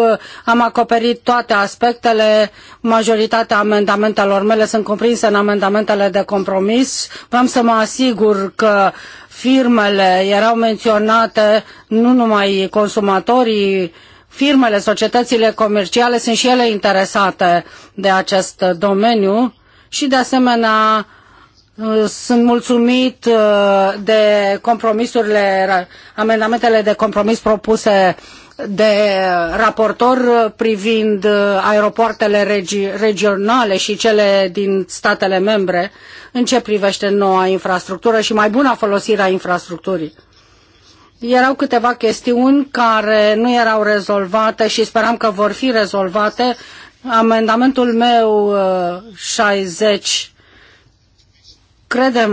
S3: Am acoperit toate aspectele. Majoritatea amendamentelor mele sunt cuprinse în amendamentele de compromis. Vreau să mă asigur că firmele erau menționate, nu numai consumatorii, firmele, societățile comerciale sunt și ele interesate de acest domeniu și de asemenea Uh, sunt mulțumit uh, de compromisurile, amendamentele de compromis propuse de uh, raportor privind aeropoartele regi regionale și cele din statele membre în ce privește noua infrastructură și mai buna folosire a infrastructurii. Erau câteva chestiuni care nu erau rezolvate și speram că vor fi rezolvate. Amendamentul meu 60 credem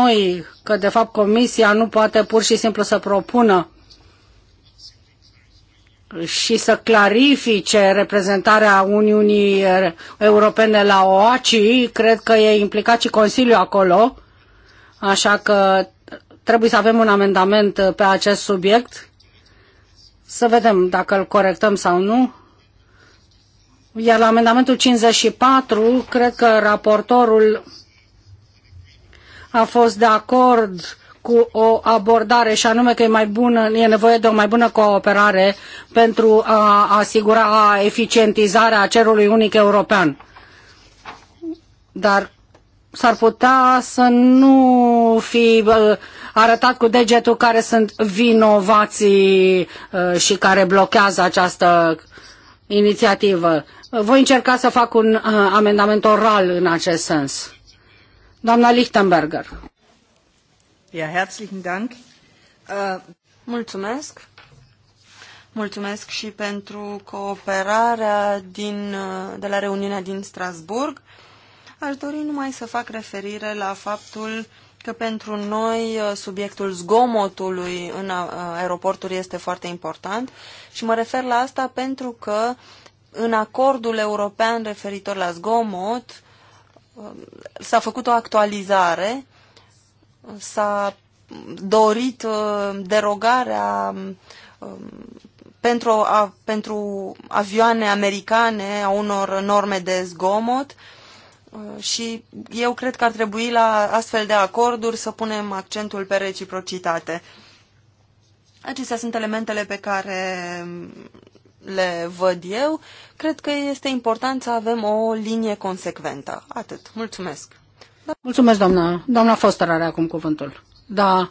S3: noi că, de fapt, Comisia nu poate pur și simplu să propună și să clarifice reprezentarea Uniunii Europene la OACI. Cred că e implicat și Consiliul acolo, așa că trebuie să avem un amendament pe acest subiect, să vedem dacă îl corectăm sau nu. Iar la amendamentul 54, cred că raportorul a fost de acord cu o abordare și anume că e, mai bună, e nevoie de o mai bună cooperare pentru a asigura eficientizarea cerului unic european. Dar s-ar putea să nu fi arătat cu degetul care sunt vinovații ă, și care blochează această inițiativă. Voi încerca să fac un ă, amendament oral în acest sens. Doamna Lichtenberger. Ja, herzlichen Dank. Uh,
S2: Mulțumesc. Mulțumesc și pentru cooperarea din, de la reuniunea din Strasburg. Aș dori numai să fac referire la faptul că pentru noi uh, subiectul zgomotului în uh, aeroporturi este foarte important și mă refer la asta pentru că în acordul european referitor la zgomot Um, s-a făcut o actualizare, s-a dorit uh, derogarea um, pentru, a, pentru avioane americane a unor norme de zgomot uh, și eu cred că ar trebui la astfel de acorduri să punem accentul pe reciprocitate. Acestea sunt elementele pe care um, le văd eu, cred că este important să avem o linie consecventă. Atât. Mulțumesc.
S3: Da. Mulțumesc, doamna. Doamna Foster are acum cuvântul. Da,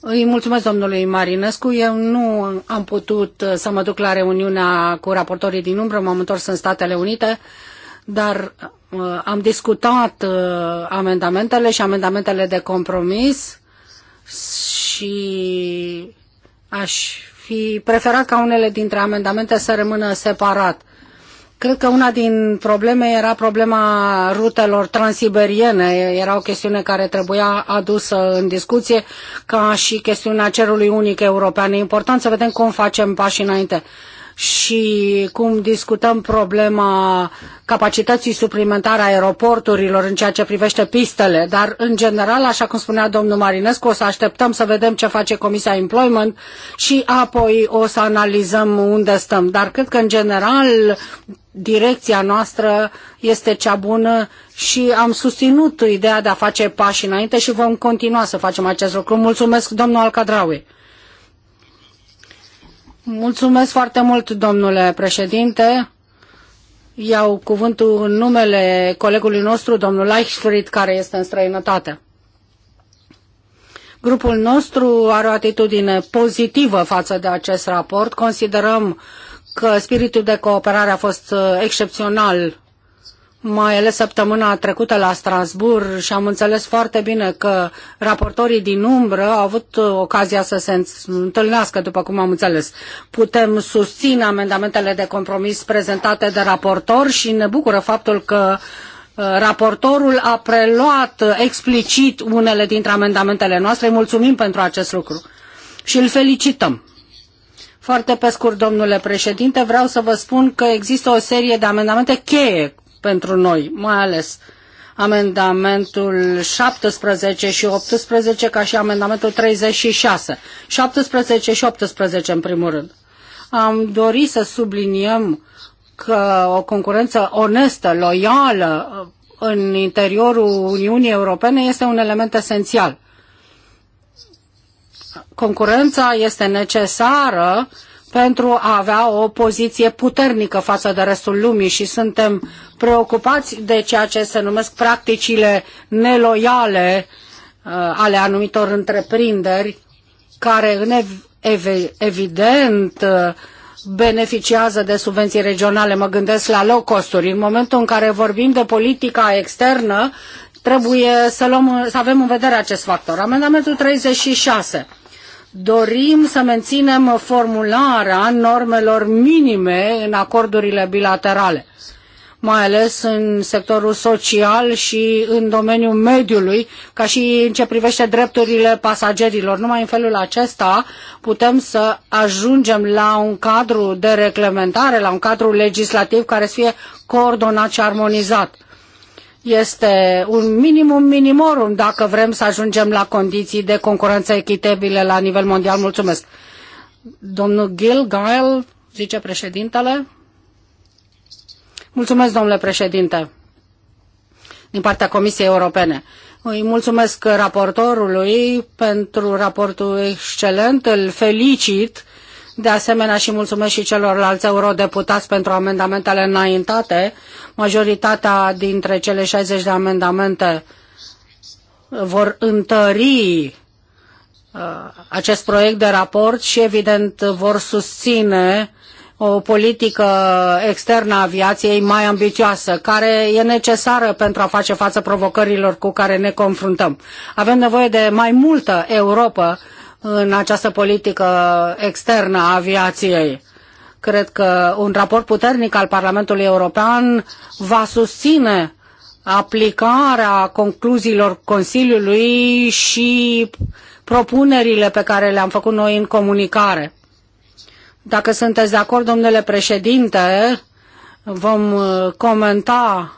S3: îi mulțumesc domnului Marinescu. Eu nu am putut uh, să mă duc la reuniunea cu raportorii din umbră, m-am întors în Statele Unite, dar uh, am discutat uh, amendamentele și amendamentele de compromis și aș fi preferat ca unele dintre amendamente să rămână separat. Cred că una din probleme era problema rutelor transiberiene, era o chestiune care trebuia adusă în discuție, ca și chestiunea cerului unic european. E important să vedem cum facem pași înainte și cum discutăm problema capacității suplimentare a aeroporturilor în ceea ce privește pistele, dar în general, așa cum spunea domnul Marinescu, o să așteptăm să vedem ce face Comisia Employment și apoi o să analizăm unde stăm. Dar cred că în general direcția noastră este cea bună și am susținut ideea de a face pași înainte și vom continua să facem acest lucru. Mulțumesc, domnul Alcadraue. Mulțumesc foarte mult, domnule președinte. Iau cuvântul în numele colegului nostru, domnul Leichfried, care este în străinătate. Grupul nostru are o atitudine pozitivă față de acest raport. Considerăm că spiritul de cooperare a fost uh, excepțional mai ales săptămâna trecută la Strasbourg și am înțeles foarte bine că raportorii din umbră au avut ocazia să se întâlnească, după cum am înțeles. Putem susține amendamentele de compromis prezentate de raportor și ne bucură faptul că uh, raportorul a preluat explicit unele dintre amendamentele noastre. Îi mulțumim pentru acest lucru și îl felicităm. Foarte pe scurt, domnule președinte, vreau să vă spun că există o serie de amendamente cheie pentru noi, mai ales amendamentul 17 și 18, ca și amendamentul 36. 17 și 18, în primul rând. Am dorit să subliniem că o concurență onestă, loială în interiorul Uniunii Europene este un element esențial. Concurența este necesară pentru a avea o poziție puternică față de restul lumii și suntem preocupați de ceea ce se numesc practicile neloiale uh, ale anumitor întreprinderi care în ev- ev- evident uh, beneficiază de subvenții regionale, mă gândesc la low costuri. În momentul în care vorbim de politica externă, trebuie să, luăm, să avem în vedere acest factor. Amendamentul 36 Dorim să menținem formularea normelor minime în acordurile bilaterale, mai ales în sectorul social și în domeniul mediului, ca și în ce privește drepturile pasagerilor. Numai în felul acesta putem să ajungem la un cadru de reglementare, la un cadru legislativ care să fie coordonat și armonizat este un minimum minimorum dacă vrem să ajungem la condiții de concurență echitabile la nivel mondial. Mulțumesc. Domnul Gil Gail, președintele. Mulțumesc, domnule președinte, din partea Comisiei Europene. Îi mulțumesc raportorului pentru raportul excelent, îl felicit de asemenea și mulțumesc și celorlalți eurodeputați pentru amendamentele înaintate. Majoritatea dintre cele 60 de amendamente vor întări uh, acest proiect de raport și evident vor susține o politică externă a aviației mai ambițioasă, care e necesară pentru a face față provocărilor cu care ne confruntăm. Avem nevoie de mai multă Europa în această politică externă a aviației. Cred că un raport puternic al Parlamentului European va susține aplicarea concluziilor Consiliului și propunerile pe care le-am făcut noi în comunicare. Dacă sunteți de acord, domnule președinte, vom uh, comenta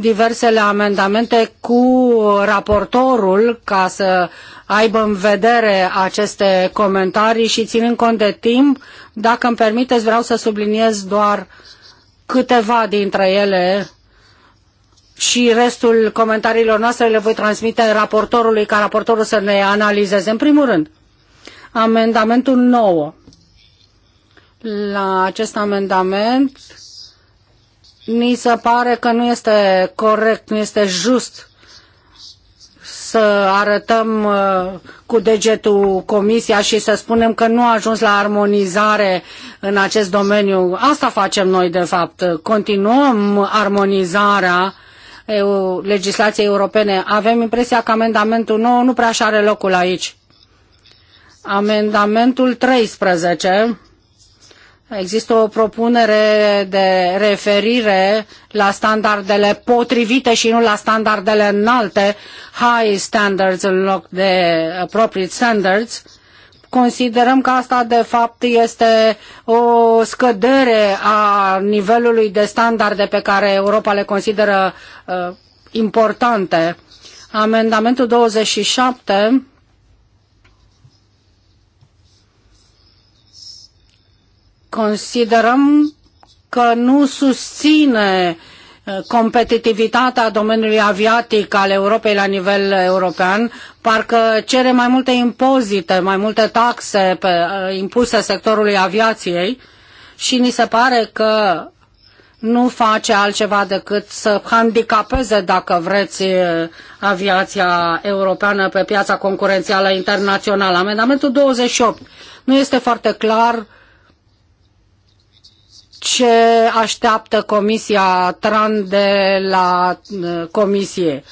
S3: diversele amendamente cu raportorul ca să aibă în vedere aceste comentarii și ținând cont de timp, dacă îmi permiteți, vreau să subliniez doar câteva dintre ele și restul comentariilor noastre le voi transmite raportorului ca raportorul să ne analizeze. În primul rând, amendamentul 9. La acest amendament Ni se pare că nu este corect, nu este just să arătăm uh, cu degetul comisia și să spunem că nu a ajuns la armonizare în acest domeniu. Asta facem noi, de fapt. Continuăm armonizarea legislației europene. Avem impresia că amendamentul nou nu prea și are locul aici. Amendamentul 13 Există o propunere de referire la standardele potrivite și nu la standardele înalte, high standards în loc de appropriate standards. Considerăm că asta de fapt este o scădere a nivelului de standarde pe care Europa le consideră uh, importante. Amendamentul 27 Considerăm că nu susține uh, competitivitatea domeniului aviatic al Europei la nivel european, parcă cere mai multe impozite, mai multe taxe pe, uh, impuse sectorului aviației și ni se pare că nu face altceva decât să handicapeze, dacă vreți, uh, aviația europeană pe piața concurențială internațională. Amendamentul 28 nu este foarte clar uh, ce așteaptă Comisia Tran de la uh, Comisie.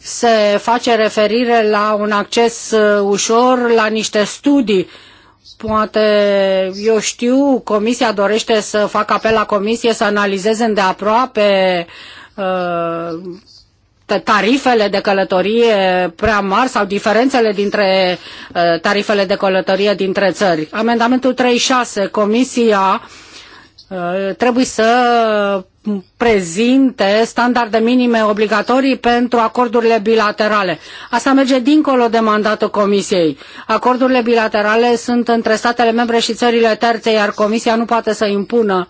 S3: Se face referire la un acces uh, ușor, la niște studii. Poate, eu știu, Comisia dorește să facă apel la Comisie să analizeze îndeaproape uh, tarifele de călătorie prea mari sau diferențele dintre uh, tarifele de călătorie dintre țări. Amendamentul 36, Comisia Uh, trebuie să prezinte standarde minime obligatorii pentru acordurile bilaterale. Asta merge dincolo de mandatul Comisiei. Acordurile bilaterale sunt între statele membre și țările terțe, iar Comisia nu poate să impună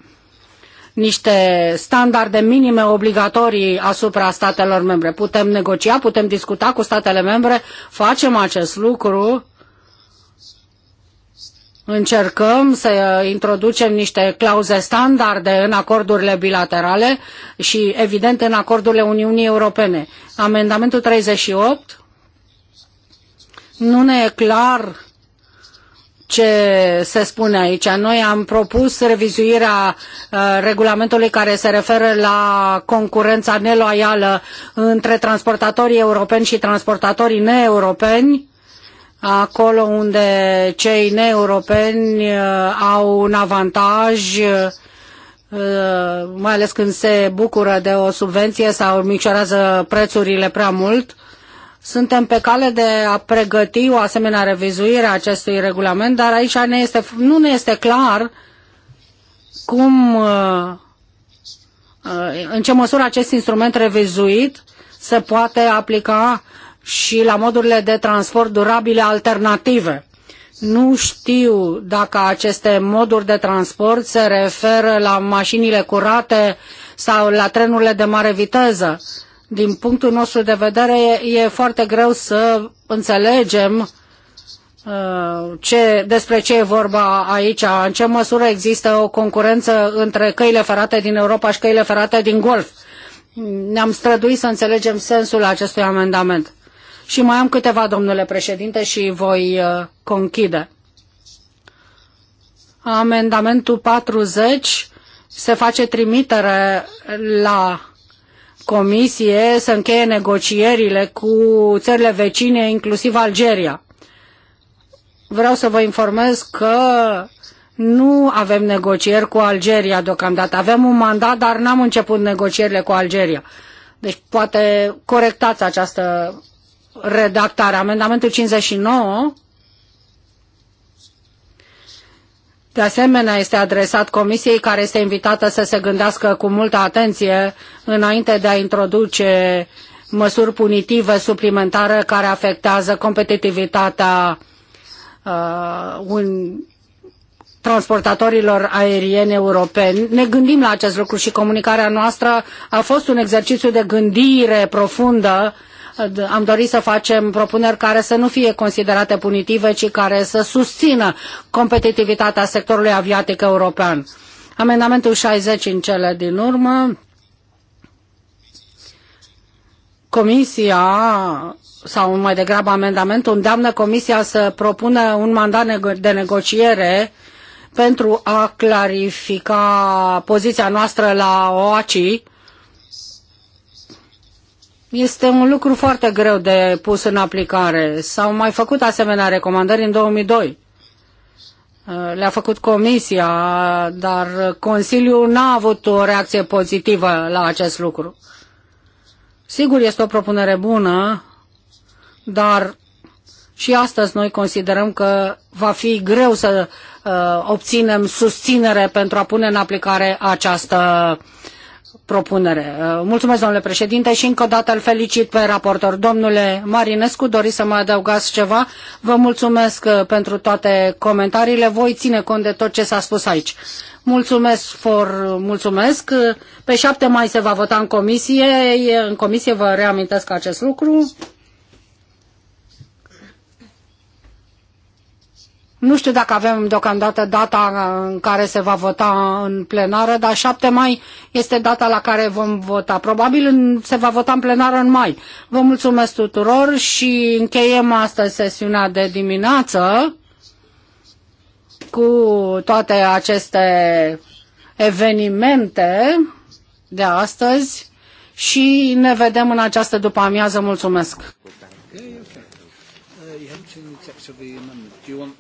S3: niște standarde minime obligatorii asupra statelor membre. Putem negocia, putem discuta cu statele membre, facem acest lucru, Încercăm să introducem niște clauze standarde în acordurile bilaterale și, evident, în acordurile Uniunii Europene. Amendamentul 38 nu ne e clar ce se spune aici. Noi am propus revizuirea uh, regulamentului care se referă la concurența neloială între transportatorii europeni și transportatorii neeuropeni acolo unde cei neeuropeni uh, au un avantaj, uh, mai ales când se bucură de o subvenție sau micșorează prețurile prea mult. Suntem pe cale de a pregăti o asemenea revizuire a acestui regulament, dar aici ne este, nu ne este clar cum, uh, în ce măsură acest instrument revizuit se poate aplica și la modurile de transport durabile alternative. Nu știu dacă aceste moduri de transport se referă la mașinile curate sau la trenurile de mare viteză. Din punctul nostru de vedere, e, foarte greu să înțelegem uh, ce, despre ce e vorba aici, în ce măsură există o concurență între căile ferate din Europa și căile ferate din Golf. Ne-am străduit să înțelegem sensul acestui amendament. Și mai am câteva, domnule președinte, și voi uh, conchide. Amendamentul 40 se face trimitere la comisie să încheie negocierile cu țările vecine, inclusiv Algeria. Vreau să vă informez că nu avem negocieri cu Algeria deocamdată. Avem un mandat, dar n-am început negocierile cu Algeria. Deci poate corectați această redactare. Amendamentul 59 De asemenea, este adresat comisiei care este invitată să se gândească cu multă atenție înainte de a introduce măsuri punitive suplimentare care afectează competitivitatea uh, un, transportatorilor aerieni europeni. Ne gândim la acest lucru și comunicarea noastră a fost un exercițiu de gândire profundă am dorit să facem propuneri care să nu fie considerate punitive, ci care să susțină competitivitatea sectorului aviatic european. Amendamentul 60 în cele din urmă. Comisia sau mai degrabă amendamentul îndeamnă Comisia să propună un mandat de negociere pentru a clarifica poziția noastră la OACI este un lucru foarte greu de pus în aplicare. S-au mai făcut asemenea recomandări în 2002. Uh, le-a făcut comisia, dar Consiliul n-a avut o reacție pozitivă la acest lucru. Sigur, este o propunere bună, dar și astăzi noi considerăm că va fi greu să uh, obținem susținere pentru a pune în aplicare această uh, propunere. Uh, mulțumesc, domnule președinte, și încă o dată îl felicit pe raportor. Domnule Marinescu, doriți să mai adăugați ceva? Vă mulțumesc uh, pentru toate comentariile. Voi ține cont de tot ce s-a spus aici. Mulțumesc, for, mulțumesc. Uh, pe 7 mai se va vota în comisie. În comisie vă reamintesc acest lucru. Nu știu dacă avem deocamdată data în care se va vota în plenară, dar 7 mai este data la care vom vota. Probabil se va vota în plenară în mai. Vă mulțumesc tuturor și încheiem astăzi sesiunea de dimineață cu toate aceste evenimente de astăzi și ne vedem în această după amiază. Mulțumesc! Uh, Do you